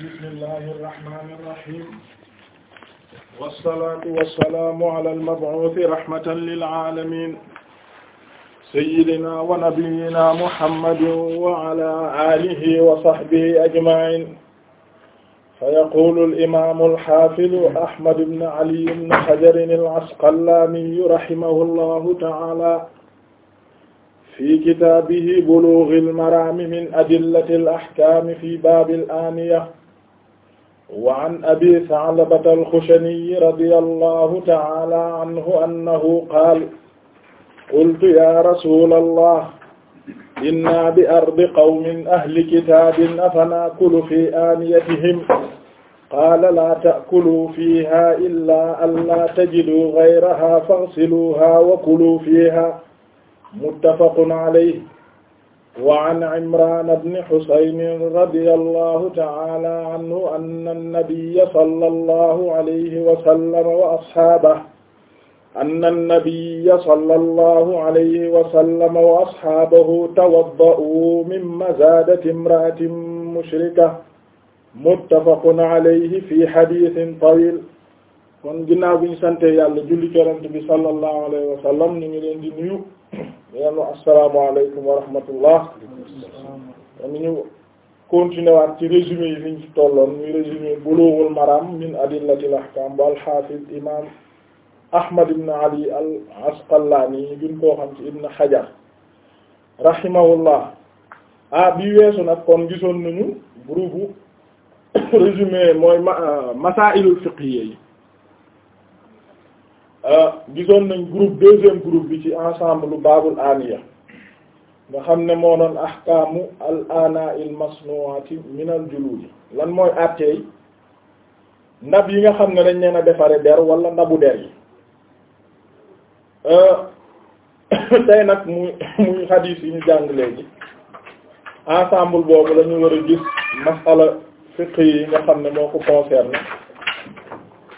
bismillahi irrahmani irrahim wassalatu wassalaamu ala almabuuthi rahmatan lilaalamin sayyidina wa nabiyyina muhammadin wa ala alihi wa sahbihi ajma'in فيقول الإمام الحافظ أحمد بن علي بن حجر العسقلاني رحمه الله تعالى في كتابه بلوغ المرام من أدلة الأحكام في باب الآنية wa an abi Sa'labata al-Xushani radiyallahu ta'ala anhu annahu qaala qultu ya rasulallah innaa bi ardi qawmin ahli kitaabin afanaakulu fi aaniyatihim qaala laa ta'kuluu fiihaa illaa an laa tajiduu gayrahaa faghsiluuhaa wa kuluu fiihaa muttafaqun alayhi وعن عمران بن حسين رضي الله تعالى عنه أن النبي صلى الله عليه وسلم وأصحابه أن النبي صلى الله عليه وسلم وأصحابه توضؤوا من مزادة امرأة مشركة متفق عليه في حديث طويل kon ginnaaw bi ñu sante yàlla julli Yonent bi sallallahu alayhi wa sallam ñu ngi leen di nuyu yellu asalaamaaleykum wa rahmatullah ñu ñu continuer waat ci résumé yi fi ñu tolloon ñu résumé bulughul maram min adillatil ahkam bu alxaafiz imam ahmad ibn ali al asqallani yi gën koo xam ci ibn hajar rahimahullah ah bi weesu nag kon gisoon nañu groupe résumé mooy ma masailul fiqhiyya yi Euh, gisoon nañu groupe deuxième groupe bi ci ensemble baabul aniya nga xam ne moo doon ahkaamu al ana il masnuwaati min al lan mooy àtteey ndab yi nga xam ne dañ leen a defare der wala ndabu der yi euh, tey nag muy muy xadiis yi ñu jàng léegi ensemble boobu la ñu war a gis masala fiqh yi nga xam ne moo ko concerné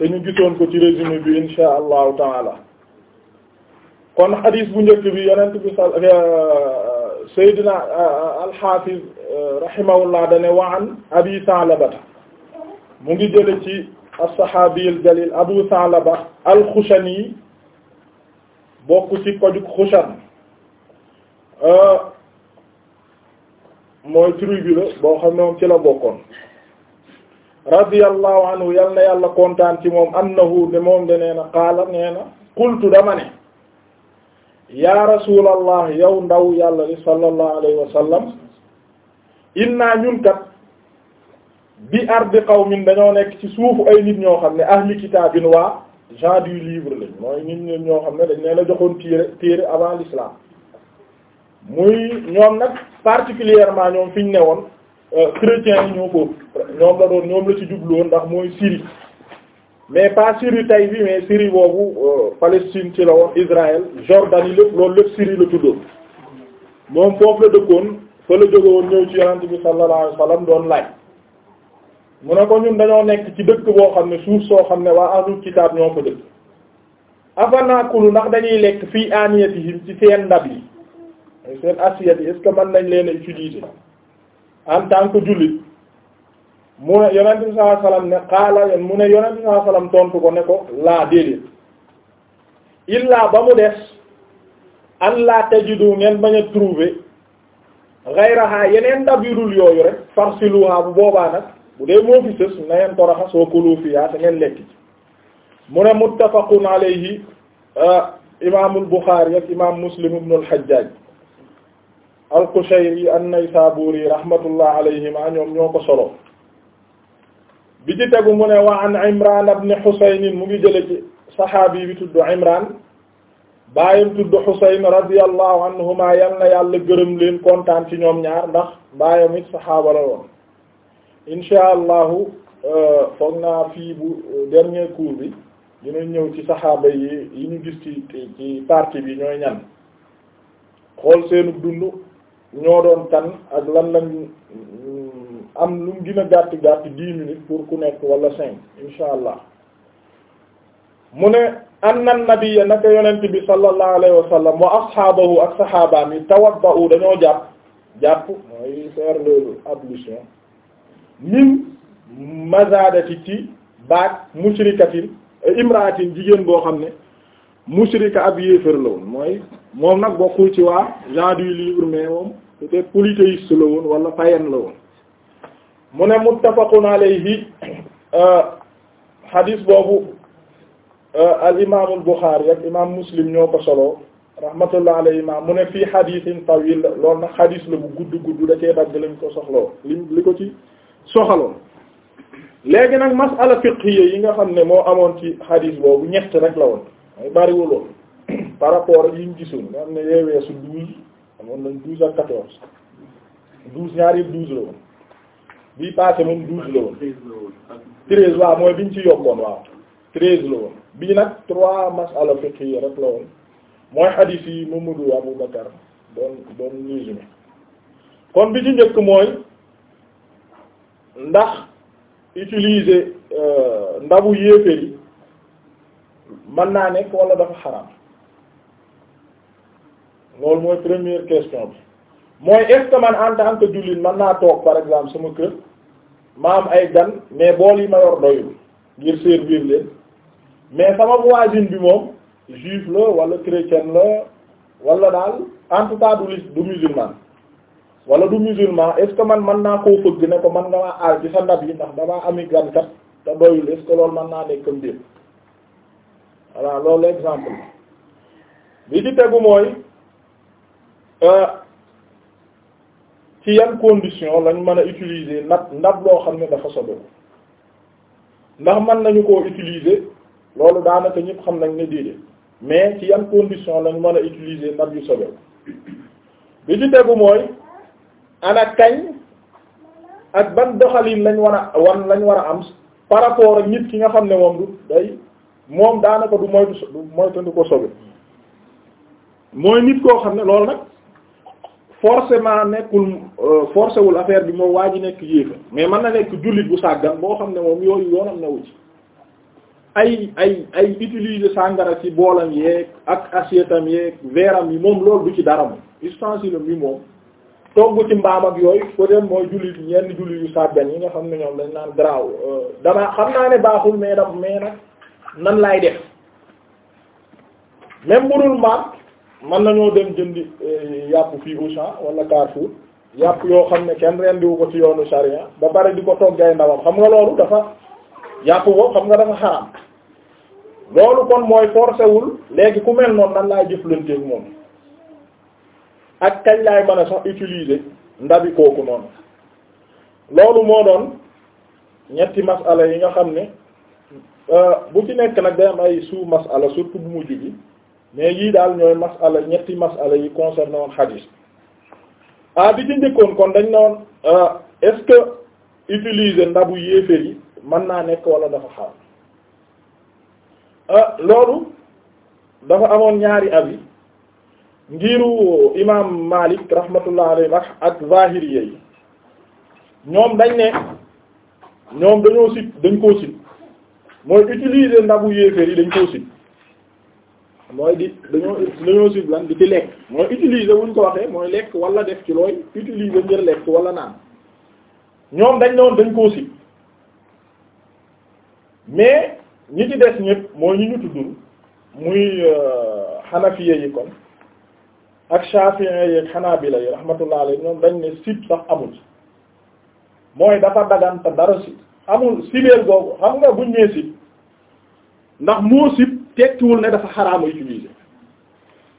te ñu gisoon ko ci résumé bi insha allahu taala kon xadis bu njëkk bi yonent bi sa euh, saydina euh, alxafiz euh, rahimahullah dane wa abi Sa'labata mu ngi jële ci as-sahabi al-jalil abu Sa'laba al-Xushani bokk ci kojuk Xushan mooy tribu boo xam ne moom ci la bokkoon radiyallahu anhu yal na yàlla kontaan ci moom annahu de moom de nee na qaala nee na qultu dama ne ya rasulallah yow ndaw yàlla li sallallahu alayhi wa sallam inna ñun kat bi ardi qawmin dañoo nekk ci suufu ay nit ñoo xam ne ahli kitaabin waa gens du livre lañ mooy nit ñoo xam ne dañ leen a joxoon téere téere avant l'islam muy ñoom nag particulièrement ñoom fi ñu ne woon Euh, chrétiens yi ñoo ko ñoom la doon ñoom la ci jubluwoon ndax mooy Syrie mais pas Syrie tey bi mais Syrie boobu euh, Palestine ci la woon Israël Jordanie lépp loolu lépp Syrie la tuddoon moom foofu la dëkkoon fa la jóge woon ñëw ci yonent bi sallallahu doon laaj mu ne ko ñun dañoo nekk ci dëkk boo xam ne suuf soo xam ne waa ahlul kitaab ñoo ko dëkk afanakulu ndax dañuy lekk fii aniyatihim ci seen ndab yi seen assiette yi est-ce nañ leen a utiliser en tant que jullit mu ne yonent bi sallallahu alayhi wasallam mu ne yonent bi tontu ko ne ko laa déedéet illaa ba mu des an laa tajidu ngeen bañ trouver ghayraha yeneen ndab yu dul yooyu rek farsiluha bu boobaa nag bu dee moo fi sës na ngeen toroxas wa kulu fiha te ngeen lekk ci mu ne muttafaqun alayhi ah, imaamul Buxaari ak imaam Muslim ibnul Hajjaaj al-Qushayri an-Naysaburi rahmatullah alayhima ñoom ñoo ko solo bi ci tegu mu ne wa an Imran ibn Husayn mu ngi jële ci saxaabi bi tudd Imran baayam tudd Husayn radiyallahu anhuma yal na yàlla gërëm leen kontaan ci ñoom ñaar ndax baayam it saxaaba la woon insha allahu euh, foog naa fii bu dernier ñëw ci saxaaba yi yi ñu gis ci ci bi ñooy ñan xool seenu dund ñoo doon kan ak lan lañ am lu mu gën a gàtt gàtt dix minutes pour ku nekk wala cinq insha allah mu ne anna nabiyya naka yonent bi sallallahu alayhi wa sallam wa ashaabahu ak saxaabaam yi tawadda'u dañoo jàpp jàpp mooy faire ci baat mushrikatin imraatin jigéen boo xam ne mushrika ab yéefar la woon mooy moom nag bokkul ci waa gens du livre mais moom c'était polythéiste la woon wala païen la woon mu ne muttafaqun alayhi euh, hadis boobu euh, al imam al rek ak imam Muslim ñoo ko solo rahmatullah alayhima mu ne fii hadisin tawil loolu nag hadis la bu gudd gudd da cee dagg lañ ko soxloo li li ko ci soxaloon léegi nag masala fiqhiyya yi nga xam ne moo amoon ci hadis boobu ñett rek la woon mooy bariwuloon par rapport ak yi ñu gisoon nga ne yeeweesu douze amoon nañ douze ak quatorze douze ñaari douze la woon bii passé moom douze la woon treize waaw mooy biñ ci yokkoon waaw treize la woon bii nag trois masala fiqh yi rek la woon mooy xadiis yi Mamadou Abou Bakar doon doon résumé kon bi ci njëkk mooy ndax utiliser euh, ndabu yéeféer yi mën naa nekk wala dafa xaraam loolu mooy première question bi mooy est man en tant que jullit naa toog par exemple sama kër ma am ay gan mais bool yi ma yor ngir servir leen mais sama voisine bi moom juif la wala chrétien la wala daal en tout du du musulman wala du musulman est-ce man naa koo fëgg ne ko man nga maa aar ci sa ndab yi ndax damaa ami gan kat te doyul est-ce que naa nekk comme déet voilà loolu exemple bi ci tegu mooy euh, ci yan condition lañ mën a utiliser nat ndab loo xam ne dafa sobewu ndax mën nañu koo utiliser loolu daanaka ñëpp xam nañ ne déedéet mais ci yan condition lañ mën a utiliser ndab yu sobewu bi ci tegu mooy ana kañ ak ban doxaliin lañ war a wan lañ war a am par rapport ak nit ki nga xam ne moom du day moom daanaka du moytu so du moytu ko sobe mooy nit koo xam ne loolu nag forcément nekkul euh, forcé wul affaire bi moom waa ji nekk yéefa mais mën na nekk jullit bu sàggan boo xam ne moom yooyu yoonam newu ci ay ay ay utiliser sàngara ci boolam yeeg ak assiette am yeeg veeram yi moom loolu du ci dara moom ustensilam bi moom togg ci mbaam ak yooyu peut-être mooy jullit ñenn jullit yu sàggan yi nga xam ne ñoom dañ naan garaaw euh, damaa xam naa ne baaxul mais daf mais nag nan laay def même bu dul mbaam mën nañoo dem jënd eh, yàpp fii Auchan wala Carrefour yàpp yoo xam ne kenn rendiwu ko ci yoonu sharia ba pare di ko toggay ndawam xam nga loolu dafa yàpp ko xam nga dafa xaraam loolu kon mooy forcé wul léegi ku mel noonu nan laay jëflanteeg moom ak kañ laay mën a sax utiliser ndabi kooku noonu loolu moo doon ñetti masala yi nga xam ne Euh, bu ci nekk nag day am ay sous masala surtout bu mujj bi mais yii daal ñooy masala ñetti masala yi concerne woon xadiis ah, bi ci njëkkoon kon dañ ne woon euh, que utiliser ndabu yéeféer yi mën naa nekk wala dafa xaram ah loolu dafa amoon ñaari avis ngiru imam Malik rahmatullah alayhi ak zahiriyya yi ñoom dañ ne ñoom dañoo sit dañ koo sit mooy utiliser ndabu yéeféer yi dañ koo sib mooy di dañoo dañoo lan di ci lekk mooy utiliser wuñ ko waxee mooy lekk walla def ci looy utiliser ngir lekk wala naan ñoom dañ ne woon dañ koo sib mais ñi ci des ñëpp mooy ñi ñu tuddul muy xanafiye euh, yi kon ak shafi'iyye yi xanaabila yi rahmatullah alayhi ñoom dañ ne sib sax amul mooy dafa dagan te dara si amul sibeel boobu xam nga buñ nee sib ndax moo sib tekkiwul ne dafa xaraama utiliser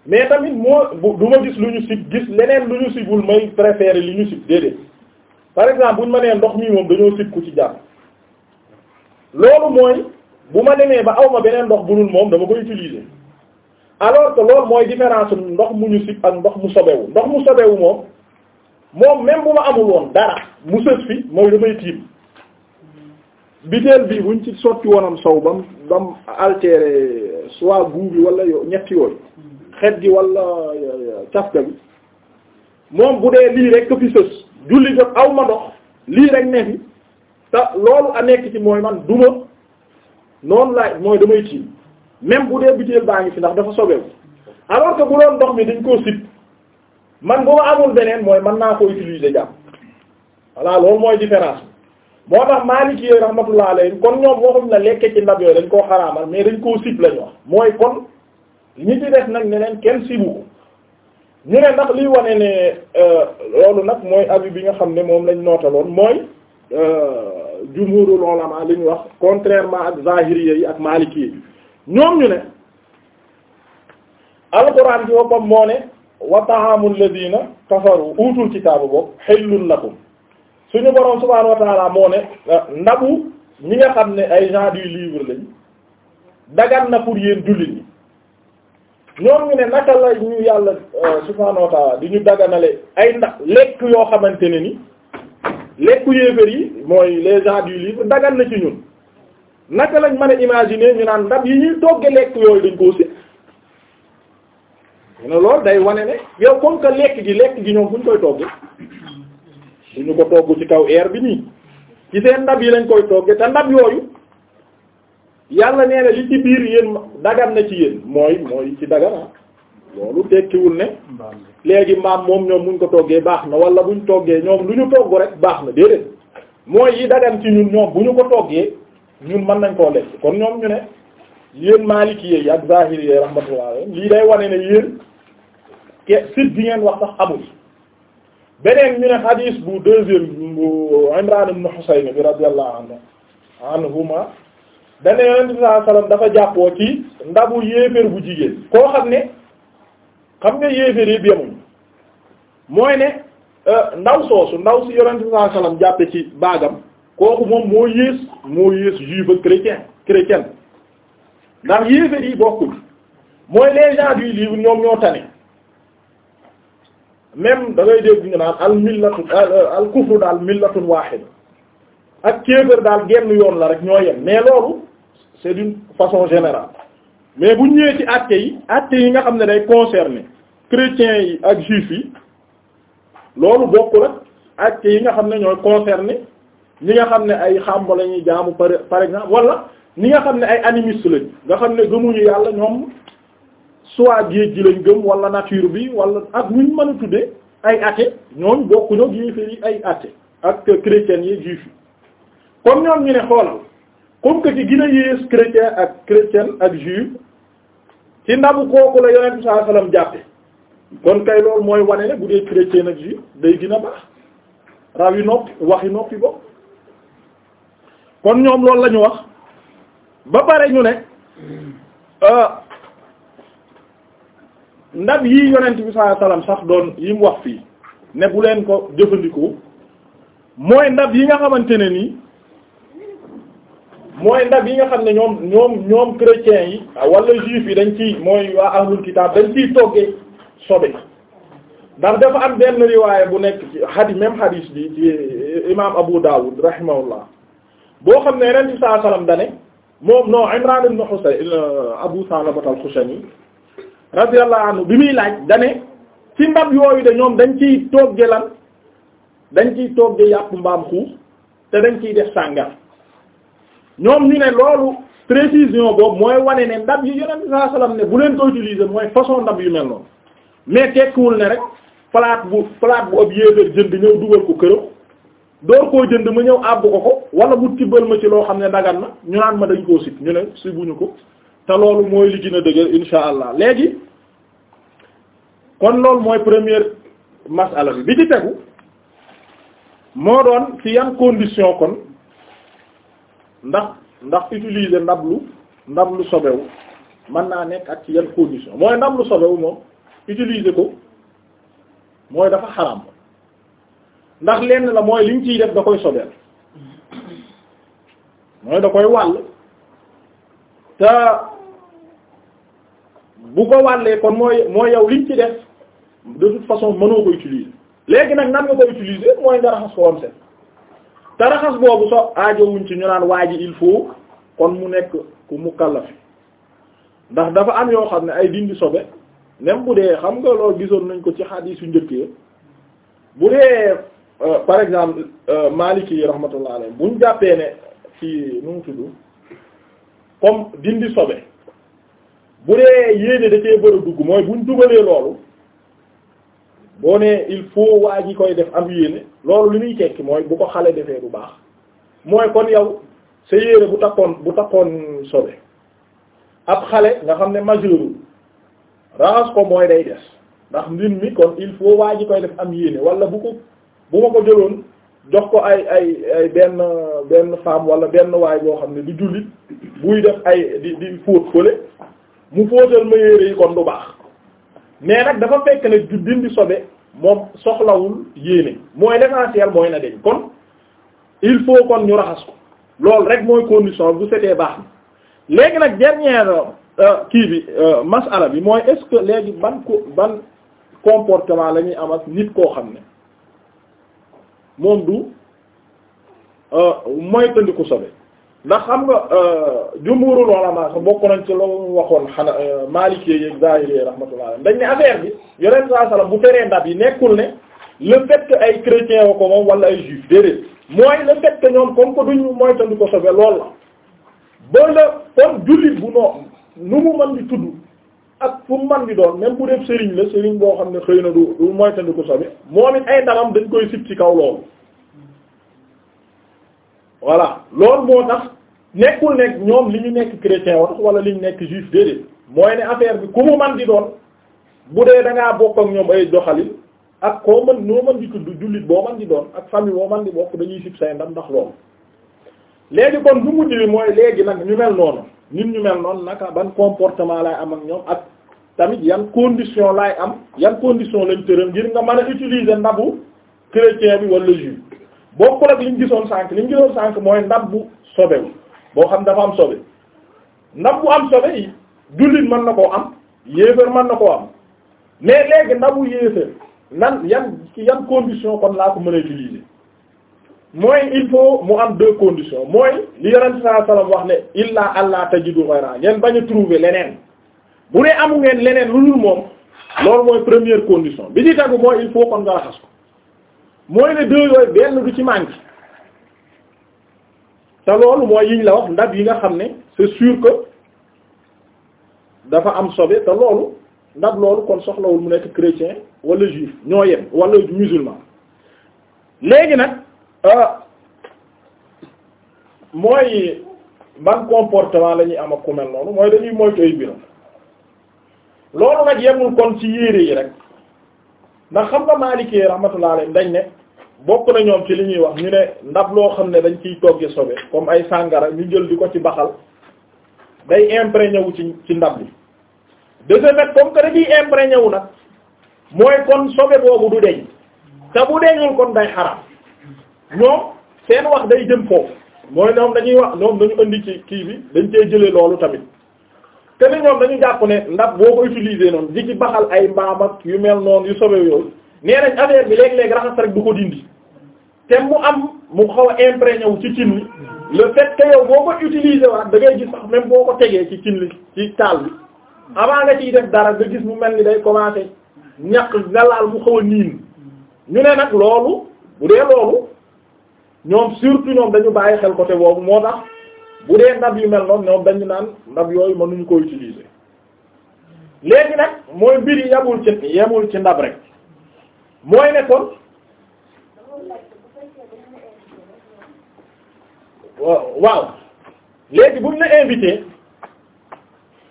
mais tamit moo du ma gis lu ñu sib gis leneen lu ñu sibul may préférer li ñu sib déedéet par exemple buñ ma nee ndox mi moom dañoo sib ku ci jàpp loolu mooy bu ma demee ba awma beneen ndox bu dul moom dama koy utiliser alors que loolu mooy différence ndox mu ñu sib ak ndox mu sobewu ndox mu sobewu moom moom même bu ma amul woon dara mu sës fi mooy damay tiim biteel bi buñ ci sotti woonam sow bam bam altéré soit goût bi wala yo ñetti yooyu xet gi wala cafka bi moom bu dee lii rek fi sës julli jot aw ma ndox lii rek ne fi te loolu a nekk ci mooy man duma noon laay mooy damay tiim même bu dee biteel baa ngi fi ndax dafa sobeewu alors que bu doon ndox mi dañ koo sib man bu ma amul beneen mooy mën naa ko utiliser jàpp voilà loolu mooy différence moo tax Maalik yooyu rahmatullah alayhim kon ñoom waxuñ la lekke ci ndab yooyu dañ koo xaraamal mais dañ koo sib lañu wax mooy kon ñi ci def nag ne neen kenn sibu ko ñu ne ndax liy wane ne euh, loolu nag mooy avis bi nga xam ne moom lañ nootaloon mooy euh, jumhurul ulama li ñu wax contrairement ak zahiriyya yi ak maalikiyya yi ñoom ñu ne alquran ci boppam moo ne wa ta'amul ladina kafaru utul kitaaba boobu hillun lakum suñu borom subhaanahu wa ta'aala moo ne euh, ndabu ñi nga xam ne ay gens du livre lañ dagan na pour yéen jullit ñi ñoom ñu ne naka la yàlla euh, subhaanahu wa ta'aala di ñu daganale ay ndax lekk yoo xamante ne ni lekku yéefér yi mooy les gens du livre dagan na ci ñun naka lañ mën a imaginer ñu naan ndab yi ñuy togge lekk yooyu dañ koo si ñu ne loolu day wane ne yow comme que lekk gi lekk gi ñoom fu ñu koy togge duñu ko togg ci kaw air bi nii ci seen ndab yi lañ koy togge te ndab yooyu yàlla nee na li ci biir yéen dagan na ci yéen mooy mooy ci dagan ah. loolu tekkiwul ne léegi maam moom ñoom buñ ko toggee baax na wala buñ toggee ñoom lu ñu togg rek baax na déedéet mooy yi dagan ci ñun ñoom bu ñu ko toggee ñun mën nañ koo lekk kon ñoom ñu ne yéen maliki yi ak zahiri yi rahmatullah lii day wane ne yéen ke sit bi ngeen wax sax amul beneen ñu ne xadiis bu deuxième bu Imraan ibn Husayn bi radiyallahu anhu anhuma dane yonente bi sallallahu alayhi wasallam dafa jàppoo ci ndabu yéeféer bu jigéen koo xam ne xam nga yéeféer yi yemuñ mooy ne euh, ndaw soosu ndaw si yonente bi sallallahu alayhi ci baagam kooku moom moo yées moo yées juif ak chrétien chrétien ndax yéeféer yi bokkuñ mooy les gens du livre tane même dangay ngay dégg ñu naan al millatu al kufru daal millatun wahida ak kéefër daal genn yoon la rek ñoo yem mais loolu c'est d'une façon général mais bu ñëwee ci actes yi actes yi nga xam ne day concerner chrétiens yi ak juifs yi loolu bokkul ak actes yi nga xam ne ñooy concerner ñi nga xam ne ay xàmb la ñuy jaamu par par exemple wala ni nga xam ne ay animistes lañ nga xam ne gëmuñu yàlla ñoom. soit géej gi lañ gëm wala nature bi wala ak luñ mën a tuddee ay athées ñoom bokkuñoo yéefar yi ay athées ak chrétiens yi juifs yi comme ñoom ñu ne xoolal ak chrétien ak juif ci ndabu kooku la yonent bi sallallahu alayhi jàppe kon kay loolu mooy wane ne bu dee chrétien ak juif day gën a baax raw yi noppi wax yi noppi bokk kon ñoom loolu la ñu wax ba pare ñu ne euh, ndab yi yonent bi sallallahu alayhi sax doon yi mu wax fii ne bu leen ko jëfandikoo mooy ndab yi nga xamante ne nii mooy ndab yi nga xam ne ñoom ñoom ñoom chrétiens yi wala juif yi dañ ciy mooy waa ahlul kitab dañ ciy toggee sobe ndax dafa am benn riwaaya bu nekk ci hadith même hadith bi ci imam Abu Dawud rahimahullah boo xam ne yonent bi sallallahu alayhi wasallam dane moom non Imran ibn Husayn euh, Abu Salabat al-Khushani radiyallahu anhu bi muy laaj dane ci ndab yooyu de ñoom dañ ciy togge lan dañ ciy togge yàpp mbaam xuux te dañ ciy def sàngar ñoom ñu ne loolu précision boobu mooy wane ne ndab yi yonent sallallahu alayhi ne bu leen ko utiliser mooy façon ndab yu mel noonu mais tekkiwul ne rek palaat bu palaat bu ab yéegal jënd ñëw dugal ko këram door koo jënd ma ñëw àbb ko ko wala mu tibbal ma ci loo xam ne dagan na ñu naan ma dañ koo sit ñu ne si buñu ko te loolu mooy li gën a insha allah léegi kon loolu mooy première masala bi bi ci tegu moo doon ci yan condition kon ndax ndax ndab lu ndablu lu sobewu mën naa nekk ak ci yan condition mooy ndablu sobewu moom utiliser ko mooy dafa xaram ndax lenn la mooy liñ ciy def da koy sobeel mooy da koy wàll te bu ko wàllee kon mooy mooy yow liñ ci def de toute façon mënoo ko utiliser léegi nag nan nga ko utiliser mooy nga raxas ko wam set te raxas boobu so aajowuñ ci ñu naan waa ji il faut kon mu nekk ku mukallaf ndax dafa am yoo xam ne ay dindi sobe même bu dee xam nga loolu gisoon nañ ko ci xadiis yu njëkk yi bu dee euh, par exemple euh, Maliki yi rahmatullah alayhi buñ jàppee ne ci nu mu tudd comme dindi sobe bu dee yéene da cee dugg mooy buñ dugalee loolu boo nee il faut waa ji koy def am yéene loolu lu muy tekki mooy bu ko xale defee bu baax mooy kon yow sa yére bu takkoon bu takkoon sobe ab xale nga xam ne majeurul raxas ko mooy day des ndax mbir mi kon il faut waa ji koy def am yéene wala bu ko bu ma ko jëloon jox ko ay ay ay benn benn femme wala benn waay boo xam ne du jullit buy def ay di di fóot fële mu fóotal ma yére yi kon du baax mais nag dafa fekk ne du dindi sobe moom soxlawul yéene mooy l'essentiel mooy na deñ kon il faut kon ñu raxas ko loolu rek mooy condition bu setee baax na léegi nag dernière euh, kii bi euh, masala bi mooy est léegi ban ko ban comportement la ñuy am ak nit koo xam ne moom du euh, mooy tëndiku sobe ndax xam nga euh, jumhurul ulama sax bokk nañ ci loolu waxoon xana euh, Maalikee yeeg Zahiri rahmatullah dañ ne affaire bi yonent saa salaam bu teree ndab yi nekkul ne le fait ay chrétien wa ko moom wala ay juif déedéet mooy le fait que ñoom comme que duñ mooy tëndiku sobe lool la ba la kon jullit bu noo nu mu mën di tudd. ak fu man di doon même bu def sëriñ la sëriñ boo xam ne xëy na du du moytandi ko sobe moom it ay ndamam dañ koy sib ci kaw loolu voilà loolu moo tax nekkul nekk ñoom li ñu nekk chrétien wax wala li nekk juif déedéet mooy ne affaire bi ku mu man di doon bu dee da ngaa bokk ak ñoom ay doxalin ak koo mën noo mën di tudd jullit boo mën di doon ak famille boo mën di bokk dañuy sib say ndam ndax loolu léegi kon bu mujj bi mooy léegi nag ñu mel noonu nit ñu mel noonu naka ban comportement lay am ak ñoom ak tamit yan condition laay am yan condition lañ tëral ngir nga man a utiliser ndabu chrétien bi wala juif bokkul ak liñ gisoon sànq liñ gisoon sànq mooy ndab bu sobewu boo xam dafa am sobe ndab bu am sobe yi jullit mën na koo am yéefar mën na koo am mais léegi ndabu yéefar nan yan yan condition kon laa ko mën a utiliser mooy il faut mu am deux conditions mooy li yonent saa sallam wax ne illaa allah tajidu ghayra ngeen bañ a trouver leneen bu dee amu ngeen leneen lu dul moom loolu mooy première condition bi di tegu mooy il faut kon nga raxas ko mooy ne deux yooyu benn du ci manqué te loolu mooy yiñ la wax ndab yi nga xam ne c'est sûr que dafa am sobe te loolu ndab loolu kon soxlawul mu nekk chrétien wala juif ñoo yem wala musulman léegi nag Ah, mooy ban comportement la ñuy am ak ku noonu mooy dañuy moytu ay biram loolu nag yemul kon ci yére yi rek ndax xam nga maalikee rahmatullah alayhi dañ ne bokk na ñoom ci li ñuy wax ñu ne ndab loo xam ne dañ ciy togge sobe comme ay sàngara ñu jël di ko ci baxal day imprégné wu ci ci ndab li dese nag comme que dañuy imprégné wu nag mooy kon sobe boobu du deñ te bu deñul kon day xaram ñoom seen wax day jëm foofu mooy ñoom dañuy wax ñoom dañu indi ci kii bi dañ cee jëlee loolu tamit te ni ñoom dañu jàpp ne ndax boo ko utilisé noonu di ci baxal ay mbaam ak yu mel noonu yu sobe yooyu nee nañ affaire bi léeg-léeg raxas rek du ko dindi te mu am mu xaw a imprégné ci cin li le fait que yow boo ko utilisé waat da ngay gis sax même boo ko tegee ci cin li ci taal bi avant nga ciy def dara nga gis mu mel ni day commencé ñàkk nga laal mu xaw a niin ñu ne nag loolu bu dee loolu ñoom surtout ñoom dañu bàyyi xel côté boobu moo tax bu dee ndab yu mel noonu ñoom dañu naan ndab yooyu mënuñu ko utiliser léegi nag mooy mbir yi yamul ci yemul ci ndab rek mooy ne waaw léegi buñ la invité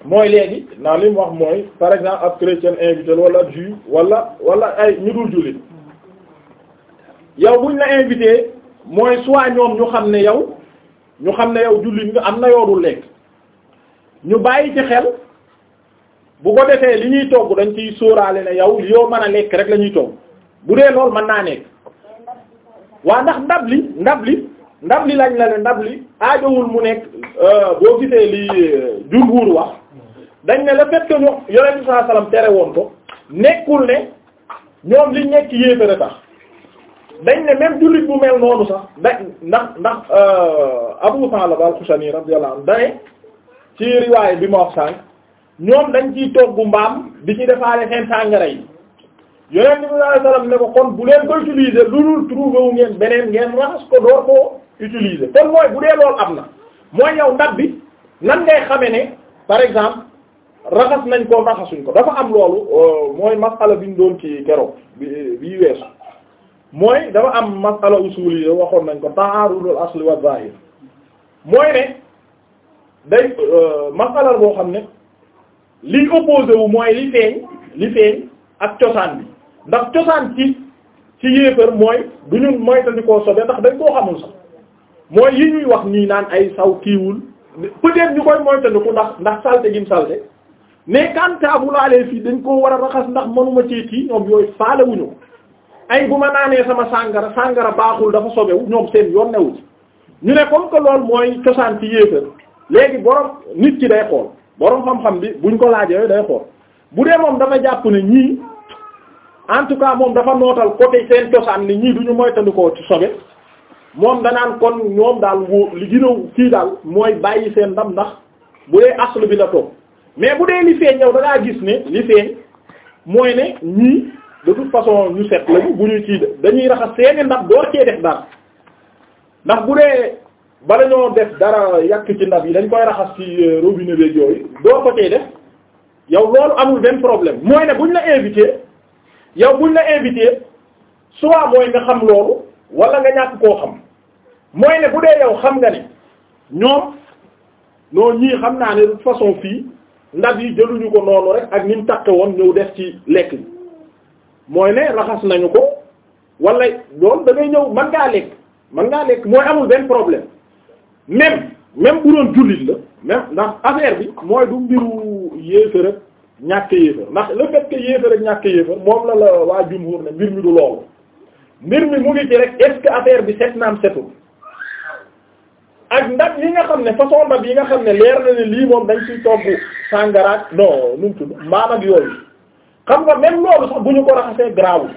mooy léegi naa li wax mooy par exemple ab chrétien invité wala ab juif wala ay ñu dul jullit yow buñ la invité mooy soit ñoom ñu xam ne yow ñu xam ne yow jullit nga am na yoodul lekk ñu bàyyi ci xel bu ko defee li ñuy togg dañ ciy sóoraale ne yow li yow mën a lekk rek lañuy ñuy togg bu dee lool mën naa nekk waa ndax ndab li ndab li ndab li lañ la ne ndab li aajowul mu nekk euh, boo gisee li euh, jumhuur wax dañ ne le fait que ño yonent bi sallallahu tere woon ko nekkul ne ñoom li nekk yéefara sax dañ ne même jullit bu mel noonu sax da ndax ndax euh, Abu Salaba al-Xushani radiyallahu anhu dane ci riwaay bi mu wax sànq ñoom dañ ciy togg mbaam di ci defaale seen sàngara yi yonent bi sallallahu alayhi wasallam ne ko kon bu leen ko utiliser lu dul trouver wu ngeen beneen ngeen raxas ko door koo utiliser kon mooy bu dee lool am na mooy yow ndab bi nan ngay xame ne par exemple raxas nañ ko raxasuñ ko dafa am loolu euh, mooy masala biñ doon ci keroog bi bi weesu mooy dama am masala usuli yo waxoon nañ ko ta'arudul asli wa zahir mooy ne day euh, masala boo xam ne liy opposé wu mooy li feeñ li feeñ ak cosaan bi ndax cosaan ci ci yéefar mooy du ñu moytandikoo sobe ndax dañ koo xamul sax mooy yi ñuy wax nii naan ay saw kiiwul peut-être ñu koy ku ndax ndax salte gim salte mais quant à bu laalee fii dañ koo war a raxas ndax mënuma ci kii ñoom yooyu faalewuñu ko ay bu ma naanee sama sàngara sàngara baaxul dafa sobewu ñoom seen yoon newu ci ñu ne comme ko lool mooy cosaan ci yéefar léegi borom nit ki day xool boroom xam-xam bi buñ ko laajee day xool bu dee moom dafa jàpp ne ñii en tout cas moom dafa nootal côté seen cosaan ni ñii duñu moytandikoo ci sobe moom danaan kon ñoom daal wóo li gën a kii daal mooy bàyyi seen ndam ndax bu dee aslu bi la toog mais bu dee li feeñ yow gis ne li mooy ne ñii de toute façon ñu set lañu bu ñu ci dañuy raxas seeni ndab door cee def dara ndax bu dee bala ñoo def dara yàq ci ndab yi dañ koy raxas ci euh, robine beeg yooyu doo ko cee def yow loolu amul benn problème mooy ne ñu la invité yow buñ la invité soit mooy nga xam loolu wala nga ñàkk koo xam mooy ne bu dee yow xam nga ne ñoom noonu ñii xam naa ne de toute façon fii ndab yi jëluñu ko noonu rek ak ni mu woon ñëw def ci lekk bi mooy ne raxas nañu ko wala loolu da ngay ñëw man gaa lekk mën ngaa lekk mooy amul benn problème même même bu doon jullit la même ndax affaire bi mooy du mbiru yéefar ak ñàkk yéefar ndax le fait que yéefar ak ñàkk yéefar moom la la waa jumhur ne mbir mi du loolu mbir mi mu ngi ci rek affaire bi set naam setul ak ndax yi nga xam ne façon ndab yi nga xam ne leer na ne lii moom dañ ciy togg sàngaraat non nu mu tudd mbaam ak yooyu xam nga même loolu sax bu ñu ko raxasee garaawul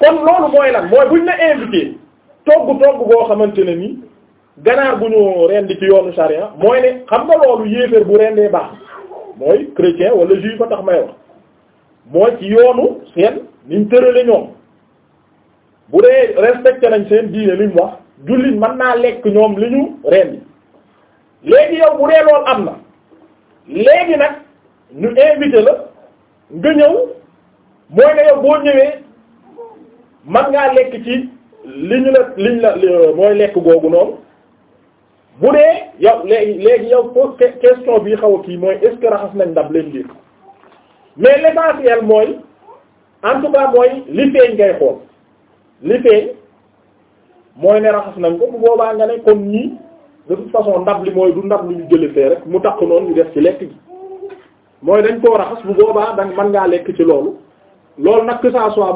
kon loolu mooy lan mooy buñ la invité togg togg goo xamante ne nii ganaar bu ñu rendi ci yoonu charia mooy ne xam nga loolu yéeféer bu rendee baax mooy chrétien wala juif fa tax may wax mooy ci yoonu seen niñ tërale ñoom bu dee respecté nañ seen diine liñ wax jullit mën naa lekk ñoom li ñu rendi léegi yow bu dee lool am na léegi nag ñu invité la nga ñëw mooy ne yow boo ñëwee man ngaa lekk ci li ñu la li ñu la mooy lekk googu noonu bu dee yow léegi léegi yow po question bi xaw a kii mooy est-ce raxas nañ ndab leen biir mais l'essentiel mooy en tout cas mooy li feeñ ngay xool li feeñ mooy ne raxas nañ ko boobaa nga ne comme ñii de toute façon ndab li mooy du ndab lu ñu jële fee rek mu takk noonu ñu def ci lekk gi mooy dañ koo raxas bu boobaa da man ngaa lekk ci loolu loolu nag que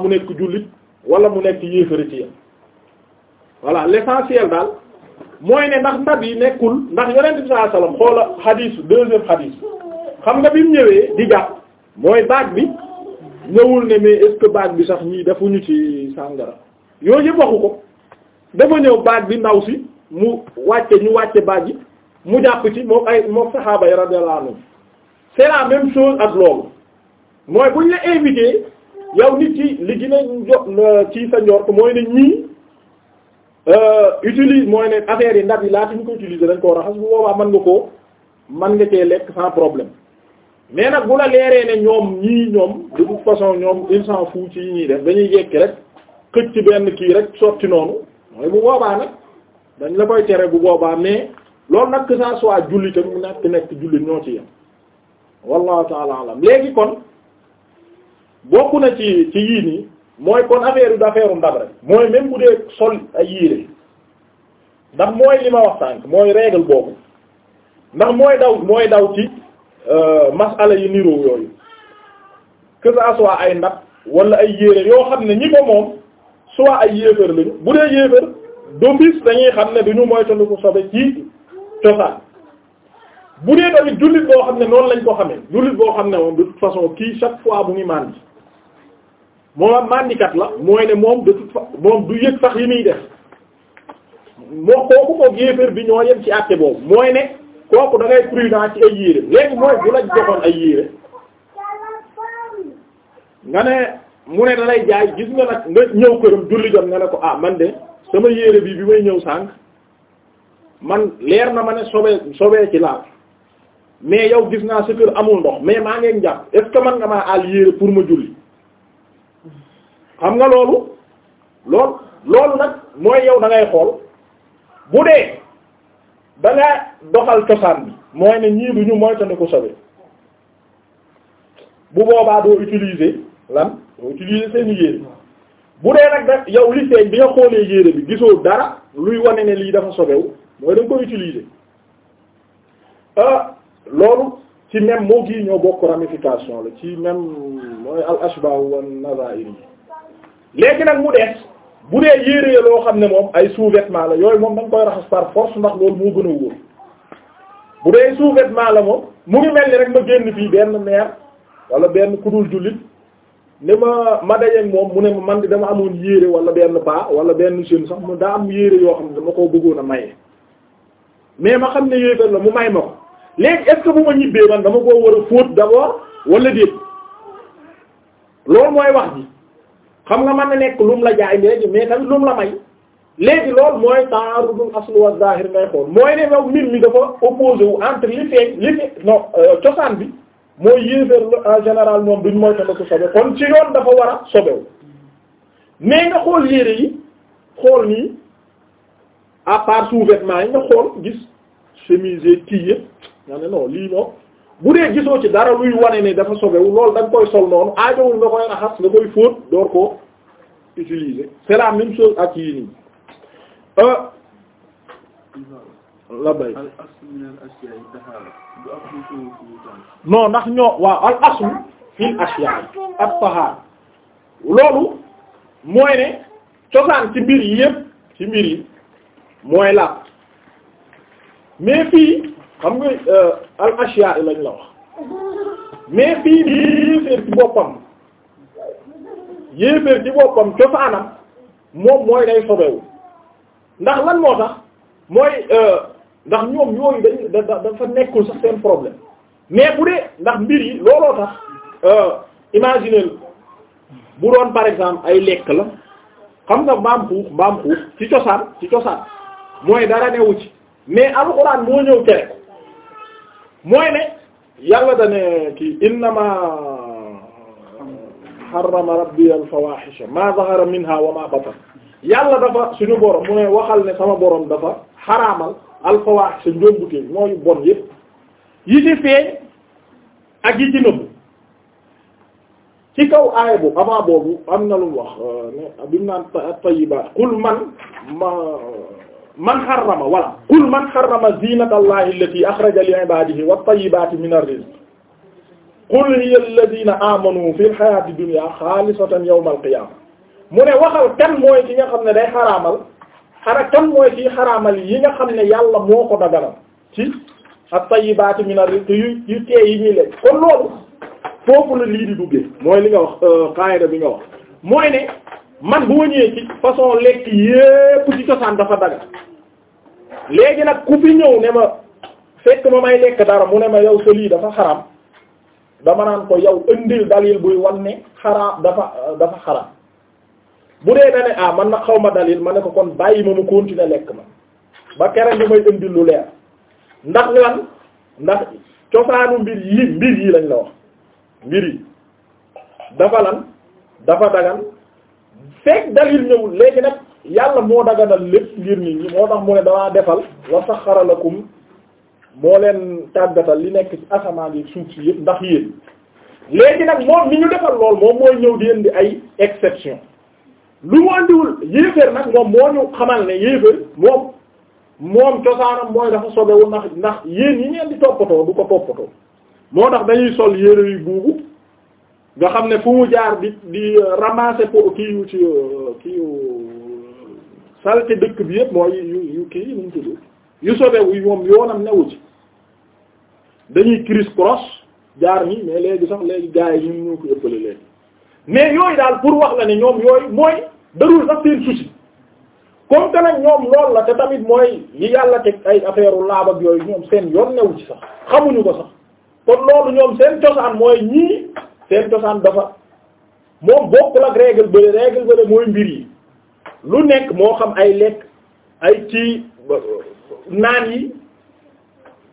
mu nekk jullit wala mu nekk yéefari ci yam voilà l'essentiel daal mooy ne ndax ndab yi nekkul ndax yonent bi sallallahu alayhi wasallam xoola xadiis deuxième xadiis xam nga bi ñëwee di jàpp mooy baag bi ñëwul ne mais est-ce bi sax ñii defuñu ci sàngara yooyu yëpp waxu ko dafa ñëw baag bi ndaw si mu wàcce ñu wàcce baag yi mu jàpp ci moom ay moom saxaaba yi radiyallahu anhum c'est la même chose ak loolu mooy bu ñu la invité yow nit ci li gën a jot njort mooy ne ñii euh, utilise mooy ne affaire yi ndab yi laata ñu ko utiliser dañ koo raxas bu boobaa man nga koo man nga cee lekk sans problème mais nag bu la leeree ne ñoom ñii ñoom de toute façon ñoom ils s'en ci ñuy def dañuy yekki rek xëcc ci benn kii rek sotti noonu mooy bu boobaa nag dañ la koy tere bu boobaa mais loolu nag que ça soit jullit ak mu nekk nekk jullit ñoo ci yem wallahu taala alam léegi kon bokk na ci ci yii nii mooy kon affaire yu d'affaire ndab rek mooy même bu dee sol a yére ndax mooy li ma wax mooy règle boobu ndax mooy daw mooy daw ci euh, masala yi niroo yooyu que ça soit ay ndab wala ay yére yoo xam ne ñi ko moom soit ay yéefar lañu bu dee yéefar dombis dañuy xam ne duñu moytandiku sobe ci cosaan bu dee tamit jullit boo xam ne noonu lañ ko xamee jullit boo xam ne moom de toute façon kii chaque fois bu ngi màndi moom màndikat la mooy ne moom de toute façon moom du yëg sax yi muy def kooku ko yéeféer bi ñoo yem ci àtte boobu mooy ne kooku da ngay prudent ci ay yére léegi mooy bu la joxoon ay yére nga ne mu ne da lay jaay gis nga nag nga ñëw këram julli jot nga ne ko ah man de sama yére bi bi may ñëw sànq man leer na ma ne sobee sobee ci mais yow gis naa sa kër amul ndox mais maa ngeen jàpp est ce que mën nga maa àll yére pour ma julli xam nga loolu loolu loolu nag mooy yow da ngay xool bu dee da nga doxal cosaan bi mooy ne ñii du ñu moytandiku sobe bu boobaa doo utiliser lan doo utiliser yére bu dee nag da yow li feeñ bi nga xoolee yére bi gisoo dara luy wane ne lii dafa sobewu mooy da nga ko utiliser euh, loolu ci même moo gi ñoo bokk ramification la ci même mooy al ashbah wa nazair yi léegi nag mu des bu dee yére loo xam ne moom ay sous la yooyu moom dañ koy raxas par force ndax loolu moo gën a wóor bu dee sous la moom mu ngi mel ni rek ma génn fii benn meer wala benn kudul jullit ni ma ma dajeeg moom mu ne ma man di dama amoon yére wala benn baax wala benn jeune sax mu daa am yére yoo xam ne dama ko bëggoon a maye mais ma xam ne yéefar la mu ma ko léegi est-ce que bu ma ñibbee man dama koo war a fóot d'abord wala déet loolu mooy wax ji xam nga man na nekk lu la jaay léegi mais tamit lu mu la may léegi loolu mooy ta'arudul asl wa zahir ngay xool mooy ne yow mbir mi dafa opposé wu entre li feeñ li fi non euh, cosaan bi mooy yéeféer en général moom duñ mooy tamit sobe kon ci yoon dafa war a sobewu mais nga xool yére yi xool nii à part sous-vêtements yi nga xool gis chemise kii yëpp nga loo non bu dee gisoo ci dara luy wane ne dafa sobewu loolu da nga koy sol noonu aajowul nga koy door ko utiliser c'est la même ak yii euh, non ndax ñoo waaw al aslu fil ashyaa'i at tahar loolu mooy ne cosaan ci mbir yi yépp xam nga euh, al ashya lañ la wax mais fii nii yéeféer ci boppam yéeféer ci boppam cosaanam moom mooy day sobewu ndax lan moo tax mooy euh, ndax ñoom ñooyu dañ da dafa nekkul sax seen problème mais bu dee ndax mbir yi looloo tax euh, imaginer bu doon par exemple ay lekk la xam nga mbaam xuux mbaam xuux ci cosaan ci cosaan mooy dara newu ci mais alxuraan moo ñëw tere mooy ne yàlla da ne kii innama harrama rabbi al fawahisha ma minha wa ma batan yàlla dafa suñu borom mu ne waxal ne sama borom dafa xaraamal al njombutee mooy bon yépp yi ci feeñ ak yi ci nëbb ci kaw aaya boobu avant boobu am na lu wax euh, ne bi mu naan man man harrama wala qul man harrama zinata allahi allati akhraja li ibadihi wat tayyibati min ar-rizq qul hiya alladhina amanu fi al-hayati dunya khalisatan yawm al-qiyamah mu ne waxal kan mooy ki nga xam ne day xaraamal xara kan mooy ci xaraamal yi nga xam ne yàlla moo ko daganal ci at-tayyibati min ar-rizq yu yu tee yi ñuy lekk kon loolu foofu la lii di duggee mooy li nga wax euh, qaayda bi nga wax mooy ne man bu ma ñëwee ci façon lekk yépp ci cosaan dafa daga léegi nag ku fi ñëw ne ma fekk ma may lekk dara mu ne ma yow sa lii dafa xaram dama naan ko yow indil dalil buy wan ne xaraam dafa dafa xaram bu dee da ne ah man na xawma ma dalil ma ne ko kon bàyyi ma mu continuer lekk ma ba keroog bi may indil lu leer ndax lan ndax cosaanu mbir yi mbir yi lañ la wax mbir yi dafa lan dafa dagan fekk dalil ñëwul léegi nag yàlla moo daganal lépp ngir nit ñi moo tax mu ne damaa defal wa sax lakum moo leen tàggatal li nekk ci asamaan yi suuf si yëpp ndax yéen léegi nag moom ñu defal lool moom mooy ñëw di indi ay exception lu mu andiwul nag moom moo ñu xamal ne yéeféer moom moom cosaanam mooy dafa sobewu ndax yéen yi ngeen di toppatoo du ko toppatoo moo tax dañuy sol yére yu buubu nga xam ne fu mu jaar di di euh, ramasser pour kii yu ci euh, kii yu euh, saleté dëkk bi yëpp mooy yu yu kii nu mu tudd yu sobewu yu moom yoonam newu ci dañuy criss cross jaar ni mais léegi sax léegi gars yi ñu ñoo ko ëppale léegi mais yooyu daal pour wax la ne ñoom yooyu mooy darul sax seen souci comme que nag ñoom lool la te tamit mooy yi yàlla teg ay affaire u laab ak yooyu ñoom seen yoon newu ci sax xamuñu ko sax kon loolu ñoom seen cosaan mooy ñii seen cosaan dafa moom bokkul ak règle bële règle bële mooy mbir yi lu nekk moo xam ay lekk ay kii naan yi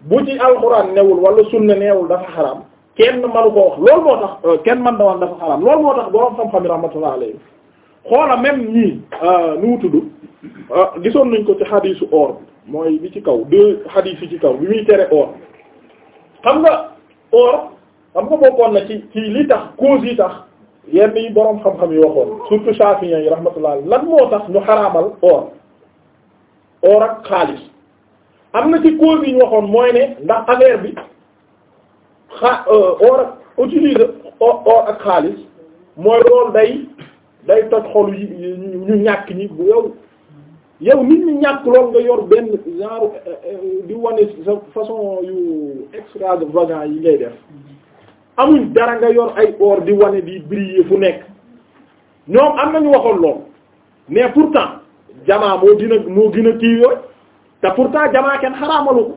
bu ci alxuraan newul wala sunna neewul dafa xaraam kenn manu ko wax loolu moo tax euh, kenn man da wax dafa xaraam loolu moo tax borom xam-xam yi rahmatullah alayhi xoola même ñii euh, nu mu euh, gisoon nañ ko ci xadiisu or bi mooy bi ci kaw deux xadiis yi ci kaw bi muy tere or xam nga or xam nga bokkoon na ci ci li tax cause yi tax yenn yi boroom xam-xam yi waxoon surtout Shafi'i yi rahmatullah lan moo tax ñu xaraamal or or ak xaalis am na ci cause yi ñu waxoon mooy ne ndax affaire bi xa euh, or ak utiliser or ak xaalis mooy loolu day day toj xolu yi ñu ñàkk ñi bu yow yow nit ñi ñàkk lool nga yor benn genre euh, euh, di wane sa façon yu extravagant yi ngay def amuñ dara nga yoon ay or di wane di briller fu nekk ñoom am nañu waxoon lool mais pourtant jamaa moo dina moo gën a kii yooyu te pourtant jamaa kenn xaraamalu